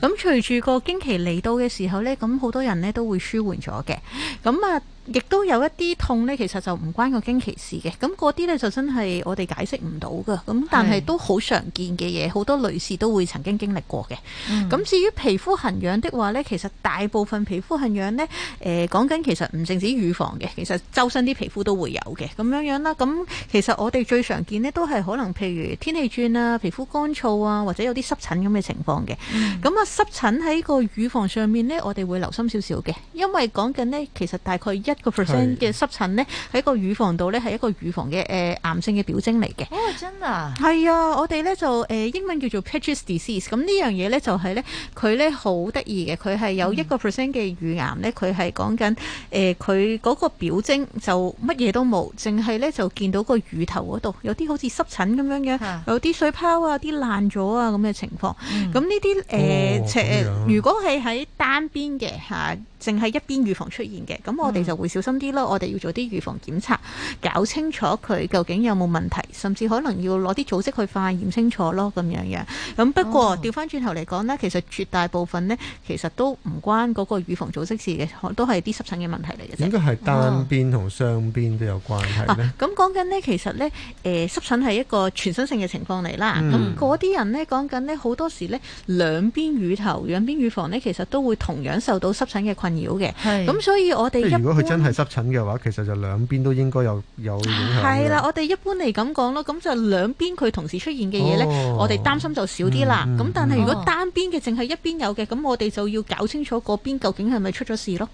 咁隨住個經期嚟到嘅時候呢，咁好多人咧都會舒緩咗嘅，咁啊。亦都有一啲痛咧，其實就唔關個經期事嘅。咁嗰啲咧就真係我哋解釋唔到㗎。咁但係都好常見嘅嘢，好是多女士都會曾經經歷過嘅。咁、嗯、至於皮膚痕癢的話咧，其實大部分皮膚痕癢咧，誒講緊其實唔淨止乳房嘅，其實周身啲皮膚都會有嘅咁樣樣啦。咁其實我哋最常見呢，都係可能譬如天氣轉啊，皮膚乾燥啊，或者有啲濕疹咁嘅情況嘅。咁啊濕疹喺個乳房上面咧，我哋會留心少少嘅，因為講緊呢，其實大概一個 percent 嘅濕疹咧，喺個乳房度咧，係一個乳房嘅誒、呃、癌性嘅表徵嚟嘅。哦，真啊！係啊，我哋咧就誒、呃、英文叫做 Paget's disease，就是。咁呢樣嘢咧就係咧，佢咧好得意嘅，佢係有一個 percent 嘅乳癌咧，佢係講緊誒佢嗰個表徵就乜嘢都冇，淨係咧就見到個乳頭嗰度有啲好似濕疹咁樣嘅，啊、有啲水泡啊，啲爛咗啊咁嘅情況。咁呢啲誒，如果係喺單邊嘅嚇。啊淨係一邊乳房出現嘅，咁我哋就會小心啲咯。嗯、我哋要做啲乳房檢查，搞清楚佢究竟有冇問題，甚至可能要攞啲組織去化驗清楚咯，咁樣樣。咁不過調翻轉頭嚟講呢，其實絕大部分呢，其實都唔關嗰個乳房組織事嘅，都係啲濕疹嘅問題嚟嘅啫。應該係單邊同雙邊都有關係咧。咁講緊呢，其實呢，誒、呃、濕疹係一個全身性嘅情況嚟啦。嗯。嗰啲、嗯、人呢，講緊呢，好多時呢，兩邊乳頭、兩邊乳房呢，其實都會同樣受到濕疹嘅困難。困擾嘅，咁是所以我哋如果佢真係濕疹嘅話，其實就兩邊都應該有有影響嘅。係啦，我哋一般嚟咁講咯，咁就兩邊佢同時出現嘅嘢呢，哦、我哋擔心就少啲啦。咁、嗯、但係如果單邊嘅，淨係一邊有嘅，咁我哋就要搞清楚嗰邊究竟係咪出咗事咯。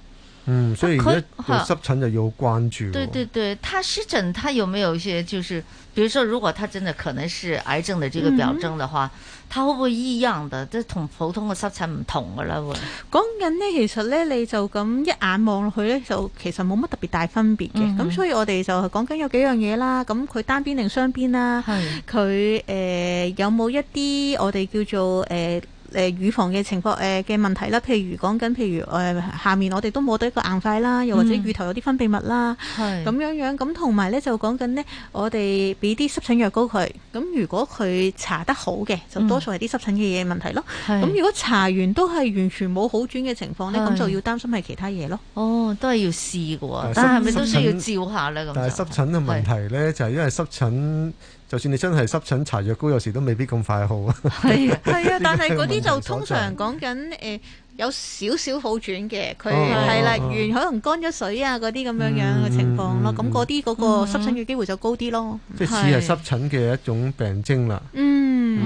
嗯，所以而家有濕疹就要關注，啊。對對對，他濕疹，他有沒有一些，就是，比如說，如果他真的可能是癌症的這個表徵的話，他、嗯、哼會不會異樣的，即係同普通的濕疹唔同噶啦？嗯、講緊咧，其實咧，你就咁一眼望落去咧，就其實冇乜特別大分別嘅。咁、嗯、哼所以我哋就講緊有幾樣嘢啦，咁佢單邊定雙邊啦，佢誒是、呃、有冇一啲我哋叫做誒。呃誒乳房嘅情況誒嘅問題啦，譬如講緊，譬如誒下面我哋都摸到一個硬塊啦，又或者乳頭有啲分泌物啦，咁、嗯、樣樣咁同埋咧就講緊呢，我哋俾啲濕疹藥膏佢，咁如果佢查得好嘅，就多數係啲濕疹嘅嘢問題咯。咁、嗯、如果查完都係完全冇好轉嘅情況呢，咁是就要擔心係其他嘢咯。哦，都係要試嘅喎，但係咪疹都需要照下咧？咁但係濕疹嘅問題咧是，就係因為濕疹。就算你真係濕疹搽藥膏，有時都未必咁快好啊，係啊。係 啊，但係嗰啲就通常講緊誒。 呃.有少少好轉嘅，佢係啦，原可能乾咗水啊嗰啲咁樣樣嘅情況咯，咁嗰啲嗰個濕疹嘅機會就高啲咯，即係似係濕疹嘅一種病徵啦。嗯，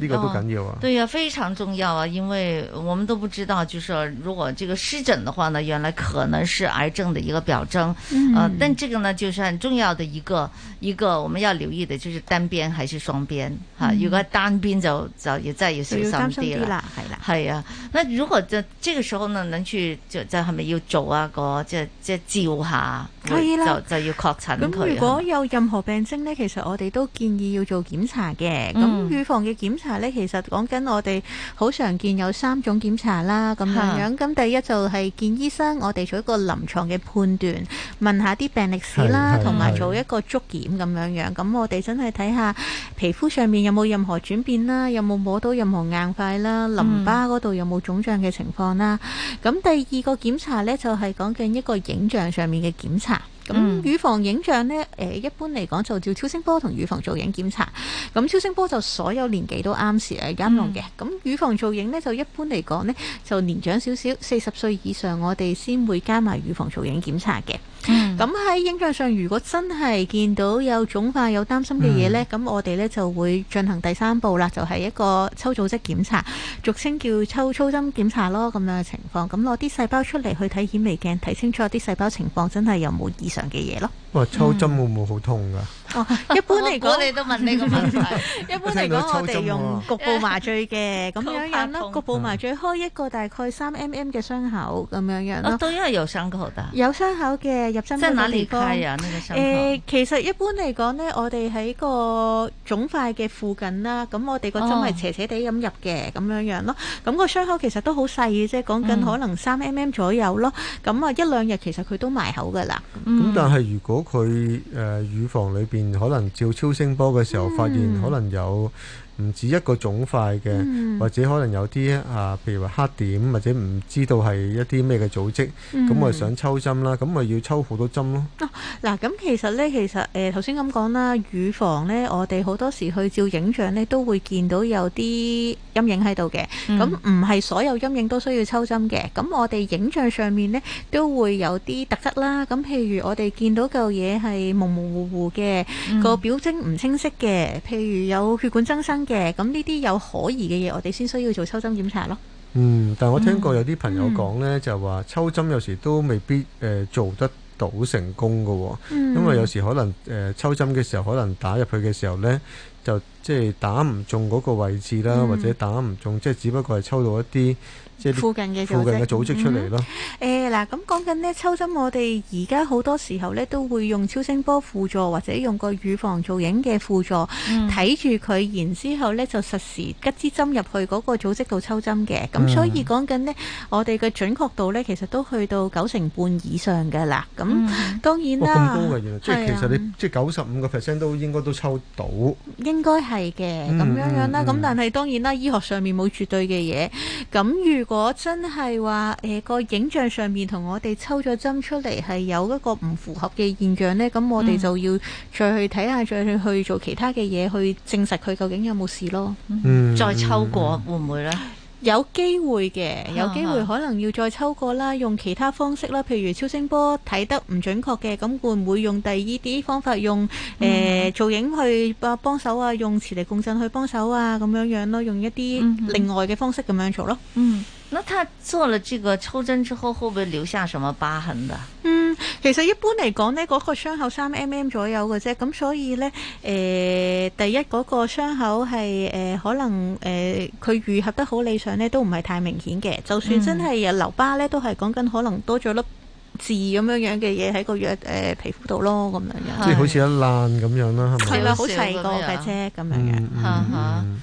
呢個都緊要啊。對啊，非常重要啊，因為我們都不知道，就是如果這個濕疹的話呢，原來可能是癌症的一個表徵。嗯。誒，但這個呢，就是很重要的一個一個我們要留意的，就是單邊還是雙邊吓？如果單邊就就要真係要小心啲啦，係啦，係啊。那如果就這個時候呢，能去就就係咪要做一個即即照下？係啦，就就要確診。咁如果有任何病徵呢，其實我哋都建議要做檢查嘅。咁、嗯、預防嘅檢查呢，其實講緊我哋好常見有三種檢查啦，咁樣樣。咁第一就係見醫生，我哋做一個臨床嘅判斷，問一下啲病歷史啦，同埋是做一個觸檢咁樣樣。咁我哋真係睇下皮膚上面有冇任何轉變啦，有冇摸到任何硬塊啦，淋巴嗰度有冇腫脹嘅情況啦。咁第二個檢查呢，就係講緊一個影像上面嘅檢查。咁乳房影像咧，嗯、一般嚟講就照超聲波同乳房造影檢查。咁超聲波就所有年紀都啱時係啱用嘅。咁、嗯、乳房造影咧就一般嚟講咧就年長少少，四十歲以上我哋先會加埋乳房造影檢查嘅。咁喺、嗯、影像上，如果真係見到有腫塊、有擔心嘅嘢呢，咁、嗯、我哋呢就會進行第三步啦，就係、是、一個抽組織檢查，俗稱叫抽粗針檢查咯咁樣嘅情況。咁攞啲細胞出嚟去睇顯微鏡，睇清楚啲細胞情況，真係有冇異常嘅嘢咯？哇！抽針會唔會好痛噶？嗯哦，一般嚟講你都問呢個問題。 一般嚟講，我哋用局部麻醉嘅，咁樣樣咯。局部麻醉開一個大概三 mm 嘅傷口，咁樣樣咯。啊，因為有傷口噶。有傷口嘅入針嗰個地方。在、呃、其實一般嚟講咧，我哋喺個腫塊嘅附近啦。咁、呃、我哋個的、呃、我們的針係斜斜地咁入嘅，咁樣樣咯。咁、那個傷口其實都好細嘅啫，講緊可能三 mm 左右咯。咁啊，一兩日其實佢都埋口噶啦。咁、嗯、但係如果佢誒、呃、乳房裏邊，可能照超聲波嘅時候，發現可能有。唔止一個腫塊嘅，或者可能有啲啊，譬如話黑點，或者唔知道係一啲咩嘅組織，咁我係想抽針啦，咁咪要抽好多針咯。嗱，咁其實咧，其實誒頭先咁講啦，乳房咧，我哋好多時去照影像咧，都會見到有啲陰影喺度嘅。咁唔係所有陰影都需要抽針嘅。咁我哋影像上面咧都會有啲特質啦。咁譬如我哋見到嚿嘢係模模糊糊嘅，個表徵唔清晰嘅，譬如有血管增生。嘅，咁呢啲有可疑嘅嘢，我哋先需要做抽針檢查咯。嗯，但係我聽過有啲朋友講呢，嗯、就話抽針有時都未必、呃、做得到成功㗎喎，嗯、因為有時可能、呃、抽針嘅時候，可能打入去嘅時候呢，就即係、就是、打唔中嗰個位置啦，嗯、或者打唔中，即、就、係、是、只不過係抽到一啲。即附近嘅組，組織出嚟咯。誒嗱、嗯哼，咁講緊呢抽針針，我哋而家好多時候咧都會用超聲波輔助，或者用個乳房造影嘅輔助睇住佢，然之後咧就實時吉支針入去嗰個組織度抽針嘅。咁、嗯、所以講緊、嗯、呢，我哋嘅準確度咧其實都去到九成半以上㗎喇。咁、嗯、當然啦，哦、高嘅嘢、啊、即係其實你即係九十五個 percent 都應該都抽到，應該係嘅咁樣樣啦。咁但係當然啦，醫學上面冇絕對嘅嘢。咁如如果真係話誒個影像上面同我哋抽咗針出嚟係有一個唔符合嘅現象呢，咁我哋就要再去睇下，嗯、再去去做其他嘅嘢去證實佢究竟有冇事咯。嗯、再抽過會唔會呢？有機會嘅，有機會可能要再抽過啦，用其他方式啦，譬如超聲波睇得唔準確嘅，咁會唔會用第二啲方法用誒、呃、造影去啊幫手啊，用磁力共振去幫手啊咁樣樣咯，用一啲另外嘅方式咁樣做咯。嗯。嗯。那他做了這個抽針之後，會唔會留下什麼疤痕的？嗯，其實一般嚟講呢嗰個傷口三 mm 左右嘅啫，咁所以呢，誒、呃，第一嗰、那個傷口係誒、呃、可能誒，佢、呃、愈合得好理想呢都唔係太明顯嘅。就算真係留疤呢都係講緊可能多咗粒痣咁樣樣嘅嘢，喺個藥誒、呃、皮膚度咯，咁樣樣。即係好似一爛咁樣啦，係咪？係啊，好細個嘅啫樣，咁樣嘅。吓、嗯、吓。嗯嗯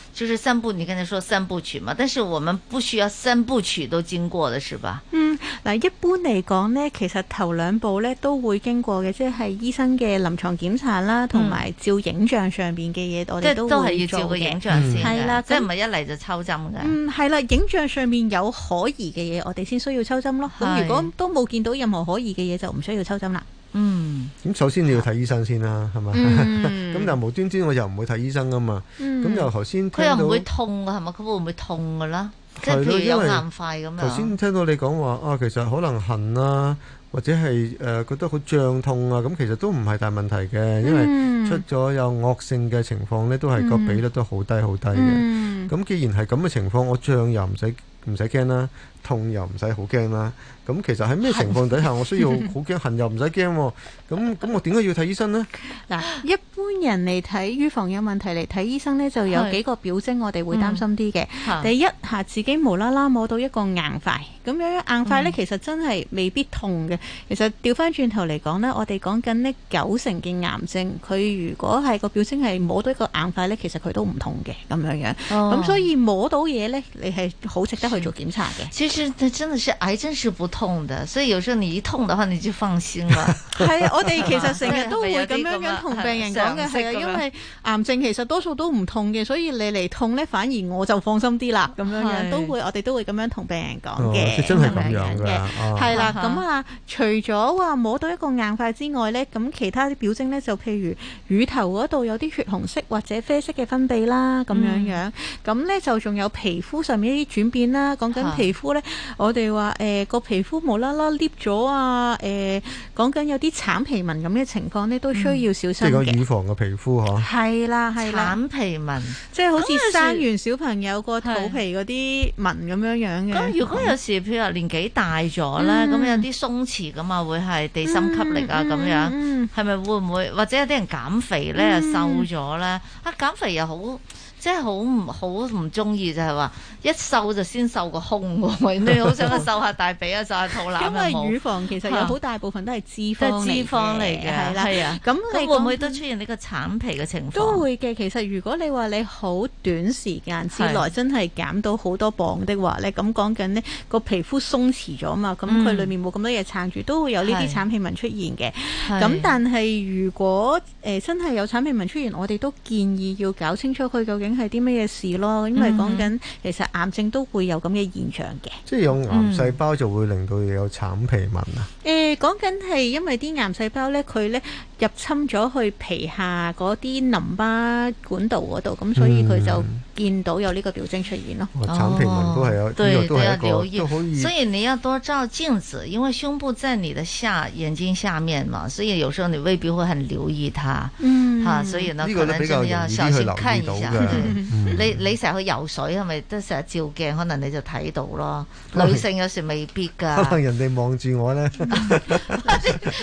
就是三部，你剛才說三部曲嘛，但是我們不需要三部曲都經過的，是吧？嗯，嗱，一般嚟講呢，其實頭兩部呢都會經過嘅，即係醫生嘅臨床檢查啦，同埋照影像上面嘅嘢，嗯、我哋都都係要照個影像先係、嗯、啦，即係唔係一嚟就抽針嘅。嗯，係啦，影像上面有可疑嘅嘢，我哋先需要抽針咯。咁唉如果都冇見到任何可疑嘅嘢，就唔需要抽針啦。嗯，咁首先你要睇醫生先啦，係咪？咁、嗯、 但係無端端我就唔會睇醫生噶嘛。咁、嗯、又頭先佢又唔會痛噶係咪？佢會唔會痛噶啦？即係譬如有硬塊咁樣。因為頭先聽到你講話啊，其實可能痕啊，或者係誒、呃、覺得好脹痛啊，咁其實都唔係大問題嘅，因為出咗有惡性嘅情況咧，都係個比率都好低好低嘅。咁、嗯、既然係咁嘅情況，我脹又唔使唔使驚啦，痛又唔使好驚啦。咁其實喺咩情況底下，我需要好驚痕又唔使驚，咁咁我點解要睇醫生呢？嗱，一般人嚟睇預防有問題嚟睇醫生呢，就有幾個表徵我哋會擔心啲嘅。第、嗯、一下自己無啦啦摸到一個硬塊，咁樣硬塊呢，其實真係未必痛嘅。其實調翻轉頭嚟講呢，我哋講緊呢九成嘅癌症，佢如果係個表徵係摸到一個硬塊呢，其實佢都唔痛嘅咁樣樣。咁、哦、所以摸到嘢呢，你係好值得去做檢查嘅。就算真係是癌，真是唔痛。痛的，所以有時候你一痛嘅話，你就放心啦。係啊 吧，我哋其實成日都會咁樣樣同病人講嘅，係啊， 是是因為癌症其實多數都唔痛嘅，所以你嚟痛咧，反而我就放心啲啦。咁樣這樣都會，是我哋都會咁樣同病人講嘅。哦、真係咁樣嘅，係啦。咁啊，了 uh huh. 除咗話摸到一個硬塊之外咧，咁其他啲表徵咧，就譬如乳頭嗰度有啲血紅色或者啡色嘅分泌啦，咁樣、嗯、樣。咁咧就仲有，皮膚上面一啲轉變啦。講緊皮膚咧，是我哋話誒個皮。皮膚無啦啦裂咗啊。誒、欸，講緊有啲橙皮紋咁嘅情況咧，都需要小心嘅。即係講乳房皮膚嗬。係啦係啦。橙皮紋，即係好似生完小朋友個肚皮嗰啲紋咁樣樣嘅。咁、嗯嗯嗯嗯、如果有時譬如年紀大咗咧，咁有啲鬆弛咁啊會係地心吸力啊咁樣，係咪會唔會或者有啲人減肥咧又瘦咗咧？啊、嗯，減肥又好。即係好唔好唔中意就係、是、話一瘦就先瘦個胸喎， 你好想去瘦下大髀啊，瘦下肚腩 因為乳房其實有好大部分都係脂肪嚟嘅，啊、脂肪嚟嘅係啦。咁你會唔會都出現呢個橙皮嘅情況？都會嘅。其實如果你話你好短時間之內真係減到好多磅的話咧，咁講緊呢個皮膚鬆弛咗嘛，咁佢、嗯、裏面冇咁多嘢撐住，都會有呢啲橙皮紋出現嘅。咁的但係如果、呃、真係有橙皮紋出現，我哋都建議要搞清楚佢究竟。係啲乜嘢事咯？因為講緊其實癌症都會有咁嘅現象嘅，嗯、即係有癌細胞就會令到有橙皮紋啊。誒、嗯，講緊係因為啲癌細胞咧，佢咧。入侵咗去皮下嗰啲淋巴管道嗰度，咁所以佢就見到有呢個表徵出現咯。橙皮紋都係有，都、哦、要多啲留意。所以你要多照鏡子，因為胸部在你嘅下眼睛下面嘛，所以有時候你未必會很留意它。嚇、嗯啊，所以呢，可能就要小心。看一下一、嗯、你你成日去游水係咪都成日照鏡？可能你就睇到咯。能女性有時未必㗎。可能人哋望住我咧。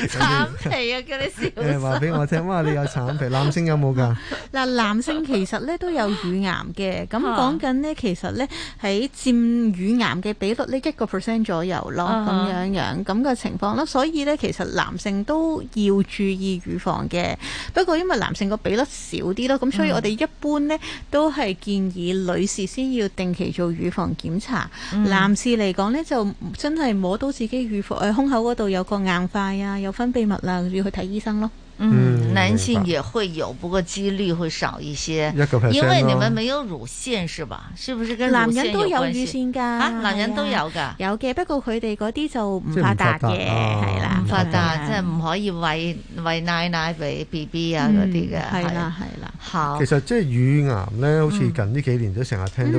橙 皮啊！叫你笑。話俾我聽，哇！你有橙皮，男性有冇噶？嗱，男性其實咧，都有乳癌嘅。咁講緊呢，其實咧喺佔乳癌嘅比率呢，一個 percent 左右咯，咁樣樣咁嘅情況咯，所以咧其實男性都要注意乳房嘅。不過因為男性個比率比少啲咯，咁所以我哋一般咧都係建議女士先要定期做乳房檢查。男士嚟講咧就真係摸到自己乳房，誒、哎、胸口嗰度有個硬塊啊，有分泌物啊，要去睇醫生咯。嗯，男性也會有，不過幾率會少一些，因為你們沒有乳腺，是吧？是不是？男人都有乳腺噶，吓，男人都有噶？有嘅，不過佢哋嗰啲就唔發達嘅。係啦，唔發達，即係唔可以餵餵奶奶俾 B B 啊嗰啲嘅，係啦，係啦，好。其實即係乳癌咧，好似近呢幾年都成日聽到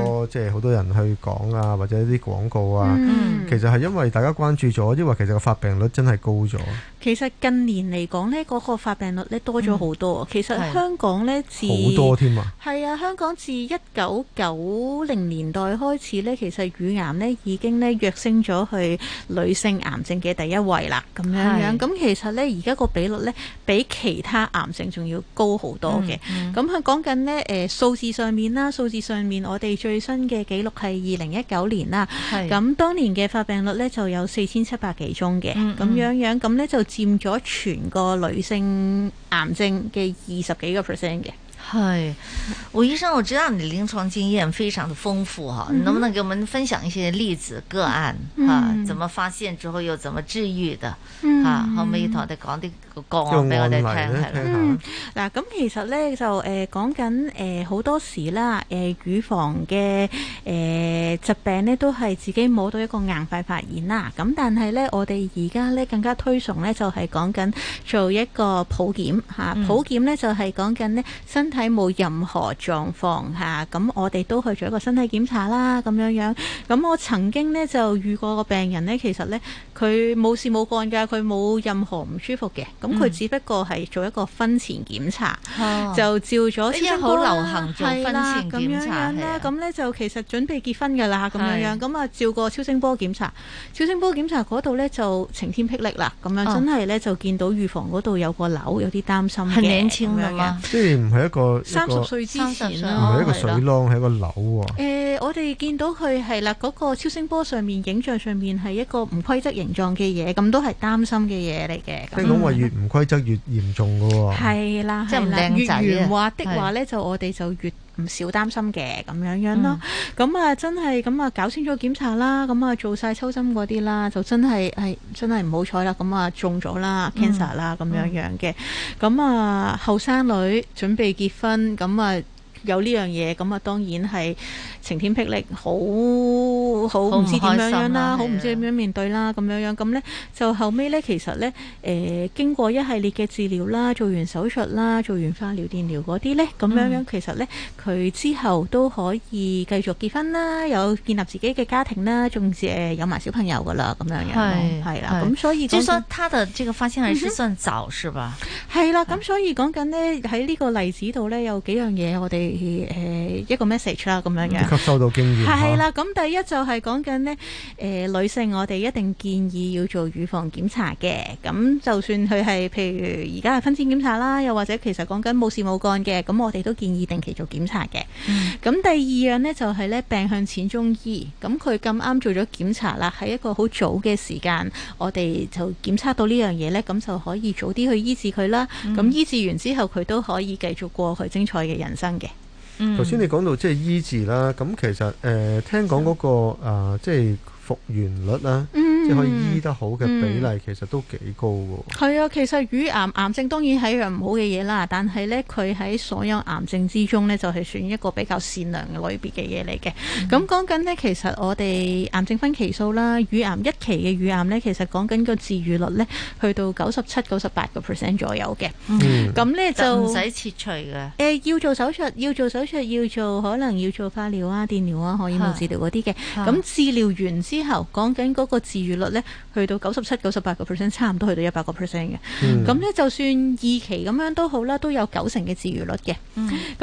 好多即係好多人去講啊，或者啲廣告啊，其實係因為大家關注咗，因為其實個發病率真係高咗。其實近年嚟講咧，嗰個發病率咧多咗好多、嗯、其實香港咧是自好多添啊，係啊，香港自一九九零年代開始咧，其實乳癌咧已經咧躍升咗去女性癌症嘅第一位啦。咁樣樣咁是其實咧而家個比率咧比其他癌症仲要高好多嘅。咁佢講緊咧誒數字上面啦，數字上面我哋最新嘅記錄係二零一九年啦。咁是當年嘅發病率咧就有四千七百幾宗嘅，咁、嗯、樣樣咁咧就佔咗全個女性癌症嘅二十幾個 percent 嘅。的係，伍醫生，我知道你臨床經驗非常的豐富哈，嗯、你能不能給我們分享一些例子個案、嗯啊、怎麼發現之後又怎麼治癒的？吓、嗯，可唔可以同我哋講啲個案俾我哋聽？係啦，嗱吧，咁、嗯、其實咧就誒講緊誒好多時啦，誒乳房嘅誒疾病咧都係自己摸到一個硬塊發現啦。咁但係咧我哋而家咧更加推崇咧就係講緊做一個普檢吓，啊嗯、普檢咧就係講緊呢。就是、說說身。喺冇任何狀況下咁、啊、我哋都去做一個身體檢查啦，咁樣樣。咁我曾經呢就遇過一個病人呢，其實呢，佢冇事冇干㗎，佢冇任何唔舒服嘅。咁佢只不過係做一個婚前檢查，嗯、就照咗超聲波流行做婚前檢查啦。咁呢的就其實準備結婚㗎啦，咁樣的樣。咁啊照個超聲波檢查，超聲波檢查嗰度呢，就晴天霹靂啦，咁樣、嗯、真係呢，就見到乳房嗰度有個瘤，有啲擔心嘅咁樣嘅。雖然唔係一個三十歲之前咯，唔係一個水囊，係了一個瘤啊！誒、欸，我哋見到佢係啦，嗰、那個超聲波上面影像上面係一個唔規則形狀嘅嘢，咁都係擔心嘅嘢嚟嘅。聽講話越唔規則越嚴重噶，係啦，即係唔靚仔啊！越圓滑的話咧，的就我哋就越。唔少擔心嘅咁樣樣咯，咁啊、嗯、真係咁啊搞清楚檢查啦，咁啊做晒抽針嗰啲啦，就真係係真係唔好彩啦，咁啊中咗啦、嗯、cancer 啦咁樣、嗯、樣嘅，咁啊後生女準備結婚咁啊。有呢樣嘢咁啊，當然係晴天霹靂，好好唔知點樣樣啦，好唔、啊、知點樣面對啦咁樣樣。咁咧就後尾咧，其實咧誒、呃、經過一系列嘅治療啦，做完手術啦，做完化療、電療嗰啲咧，咁樣樣其實咧佢之後都可以繼續結婚啦，有建立自己嘅家庭啦，仲誒有埋小朋友㗎啦，咁樣樣。係係啦，咁所以，即係、嗯哼，佢嘅呢個發現係算早是吧？係啦，咁所以講緊呢，喺呢個例子度咧有幾樣嘢我哋。係一個 message 啦，咁樣嘅。吸收到經驗係啦。咁的、啊、第一就係講緊咧誒，女性我哋一定建議要做乳房檢查嘅。咁就算佢係譬如而家係婚前檢查啦，又或者其實講緊冇事冇幹嘅，咁我哋都建議定期做檢查嘅。咁、嗯、第二樣呢，就係呢病向淺中醫。咁佢咁啱做咗檢查啦，係一個好早嘅時間，我哋就檢測到呢樣嘢呢，咁就可以早啲去醫治佢啦。咁、嗯、醫治完之後，佢都可以繼續過佢精彩嘅人生嘅。頭先你講到即係醫治啦，咁其實誒、呃、聽講嗰、個、呃、啊，即係復原率啦。可以醫得好嘅、嗯嗯、比例其實都幾高喎。係啊，其實乳癌癌症當然係一樣唔好嘅嘢啦，但係咧佢喺所有癌症之中咧就係、是、算一個比較善良嘅類別嘅嘢嚟嘅。咁講緊咧，其實我哋癌症分期數啦，乳癌一期嘅乳癌咧，其實講緊個治愈率咧，去到九十七、九十八個 percent 左右嘅。咁咧、嗯、就唔使切除㗎。誒、呃，要做手術，要做手術，要做可能要做化療啊、電療啊、的荷爾蒙治療嗰啲嘅。咁的治療完之後，講緊嗰個治愈。率咧，去到九十七、九十八個 percent，差唔多去到一百個 percent 嘅。咁咧，嗯、就算二期咁樣都好啦，都有九成嘅治愈率嘅。咁、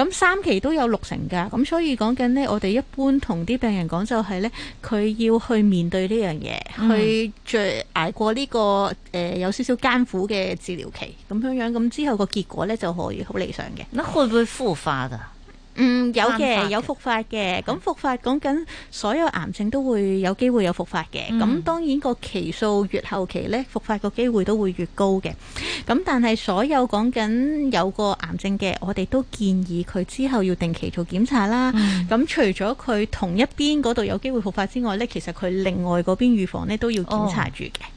嗯、三期都有六成噶。咁所以講緊咧，我哋一般同啲病人講就係咧，佢要去面對呢樣嘢，嗯、去捱過呢、呢個誒、呃、有少少艱苦嘅治療期咁樣樣。咁之後個結果咧，就可以好理想嘅。嗱、嗯，會唔會復發噶？嗯，有嘅，的有復發嘅。咁復發講緊所有癌症都會有機會有復發嘅。咁、嗯、當然個期數越後期咧，復發個機會都會越高嘅。咁但係所有講緊有個癌症嘅，我哋都建議佢之後要定期做檢查啦。咁、嗯、除咗佢同一邊嗰度有機會復發之外咧，其實佢另外嗰邊預防咧都要檢查住嘅。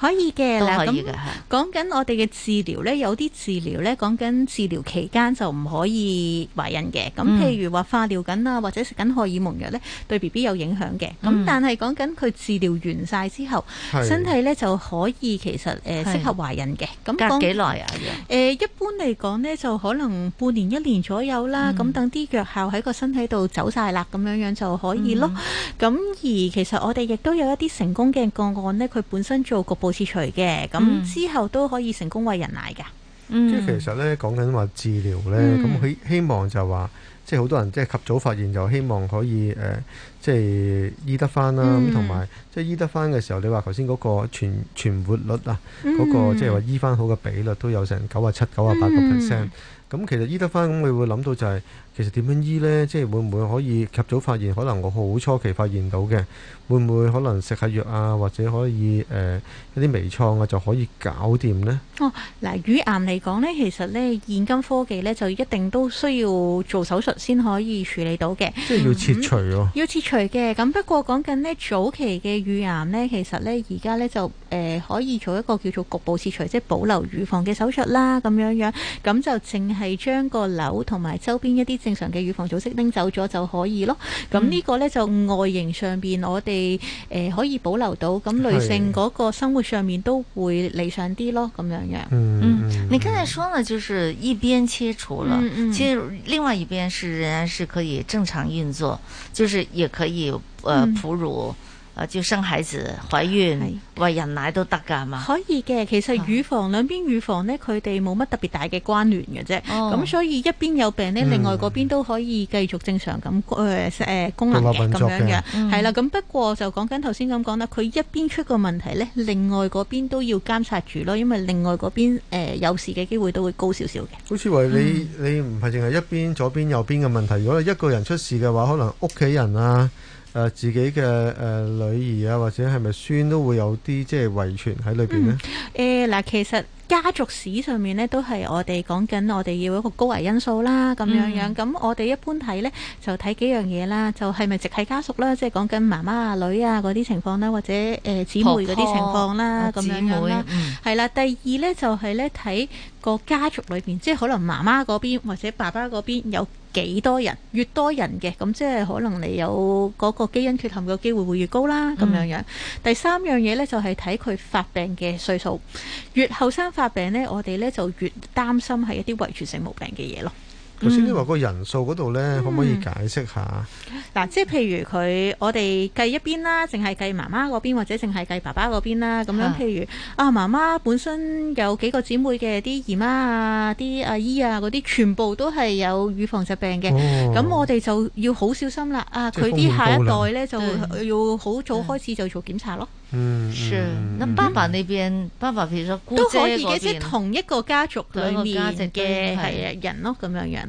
可以嘅嗱，咁講緊我哋嘅治療咧，有啲治療咧講緊治療期間就唔可以懷孕嘅，咁譬如話化療緊啊，或者食緊荷爾蒙藥咧，對 B B 有影響嘅。咁但係講緊佢治療完晒之後，身體咧就可以其實誒適合懷孕嘅。咁講幾耐啊？誒一般嚟講咧，就可能半年一年左右啦，咁等啲藥效喺個身體度走晒啦，咁樣樣就可以咯。咁而其實我哋亦都有一啲成功嘅個案咧，佢本身做局部。切除嘅，咁之後都可以成功餵人奶㗎。即係、嗯嗯、其實咧，講緊話治療咧，咁希希望就話，即係好多人即係及早發現，就希望可以誒，即係醫得翻啦，同埋即係醫得翻嘅時候，你話頭先嗰個存存活率啊，嗰、嗯、個即係話醫翻好嘅比率都有成九啊七、九啊八個 percent，咁其實醫得翻，咁你會諗到就係、是。其實點樣醫呢？即係會唔會可以及早發現？可能我好初期發現到嘅，會唔會可能食下藥啊，或者可以誒、呃、一啲微創啊就可以搞掂呢？哦，嗱，乳癌嚟講呢，其實呢，現今科技呢，就一定都需要做手術先可以處理到嘅，即係要切除咯。哦嗯。要切除嘅，咁不過講緊呢，早期嘅乳癌呢，其實呢，而家呢，就誒、呃、可以做一個叫做局部切除，即係保留乳房嘅手術啦，咁樣樣，咁就淨係將個瘤同埋周邊一啲。正常嘅乳房組織拎走咗就可以咯，咁呢個咧就外形上面我哋、呃、可以保留到，咁女性嗰個生活上面都會理想啲咯，咁樣嘅。嗯嗯，嗯，你剛才講呢，就是一邊切除了，其實、嗯嗯、另外一邊是仍然是可以正常運作，就是也可以誒哺乳。呃啊！叫生孩子、懷孕、喂人奶都得㗎，係嘛？可以嘅，其實預防兩邊預防呢，佢哋冇乜特別大嘅關聯嘅啫。咁、哦、所以一邊有病呢，另外嗰邊都可以繼續正常咁誒誒功能嘅咁樣嘅。嗯，係啦，咁不過就講緊頭先咁講啦，佢一邊出個問題呢，另外嗰邊都要監察住咯，因為另外嗰邊、呃、有事嘅機會都會高少少嘅。好似話你你唔係淨係一邊左邊右邊嘅問題，如果你一個人出事嘅話，可能屋企人啊。誒、呃，自己嘅誒、呃、女兒啊，或者係咪孫都會有啲即係遺傳喺裏邊呢？誒、嗯、嗱、呃，其實家族史上面呢，都係我哋講緊，我哋要一個高危因素啦，咁樣樣。咁、嗯、我哋一般睇呢，就睇幾樣嘢啦，就係、是、咪直系家屬啦，即係講緊媽媽啊、女啊嗰啲情況啦，或者誒姊、呃、妹嗰啲情況啦，咁婆樣樣啦。係、嗯、啦，第二呢，就係呢，睇個家族裏邊，即係可能媽媽嗰邊或者爸爸嗰邊有，幾多，多人越多人嘅咁，即係可能你有嗰個基因缺陷嘅機會會越高啦，咁樣樣。嗯。第三樣嘢呢，就係睇佢發病嘅歲數，越後生發病呢，我哋呢就越擔心係一啲遺傳性毛病嘅嘢咯。頭先你話個人數嗰度咧，可唔可以解釋下？嗱、嗯嗯啊，即係譬如佢，我哋計一邊啦，淨係計媽媽嗰邊，或者淨係計爸爸嗰邊啦。咁樣譬如是啊，媽媽本身有幾個姊妹嘅，啲姨媽啊、啲、啊、阿姨啊嗰啲，全部都係有乳房疾病嘅。咁、哦、我哋就要好小心啦。啊，佢啲下一代咧、嗯、就要好早開始就做檢查咯。嗯，算。咁爸爸呢邊，爸爸譬如講姑姐嗰邊都可以嘅，即係同一個家族裏面嘅係人咯，咁樣樣。嗯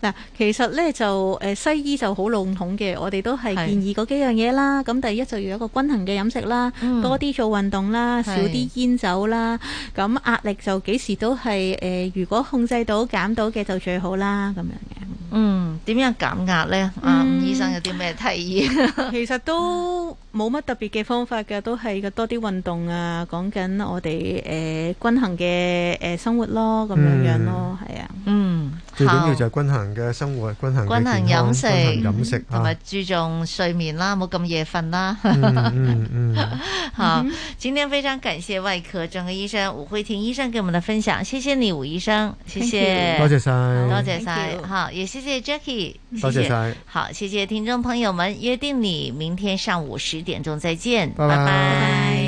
嗱，其實咧就誒西醫就好籠統嘅，我哋都係建議嗰幾樣嘢啦。咁第一就要有個均衡嘅飲食啦，多啲做運動啦，少啲煙酒啦。咁壓力就幾時都係誒，如果控制到減到嘅就最好啦，咁樣嘅。嗯，點樣減壓咧？啊，伍醫生有啲咩提議？其實都冇乜特別嘅方法㗎，都係個多啲運動啊，講緊我哋誒均衡嘅誒生活咯，咁樣樣咯，係啊。嗯，最緊要就係均衡。嘅生活均衡，均衡飲食，飲食同埋注重睡眠啦，冇咁夜瞓啦。嗯 好嗯，今天非常感謝外科專科醫生伍蕙婷醫生給我們的分享，謝謝你伍醫生，謝謝，多謝晒，多謝晒，好，也謝謝 Jackie，多謝晒，Thank you. 好，謝謝聽眾朋友們，約定你明天上午十點鐘再見，拜拜 bye。Bye bye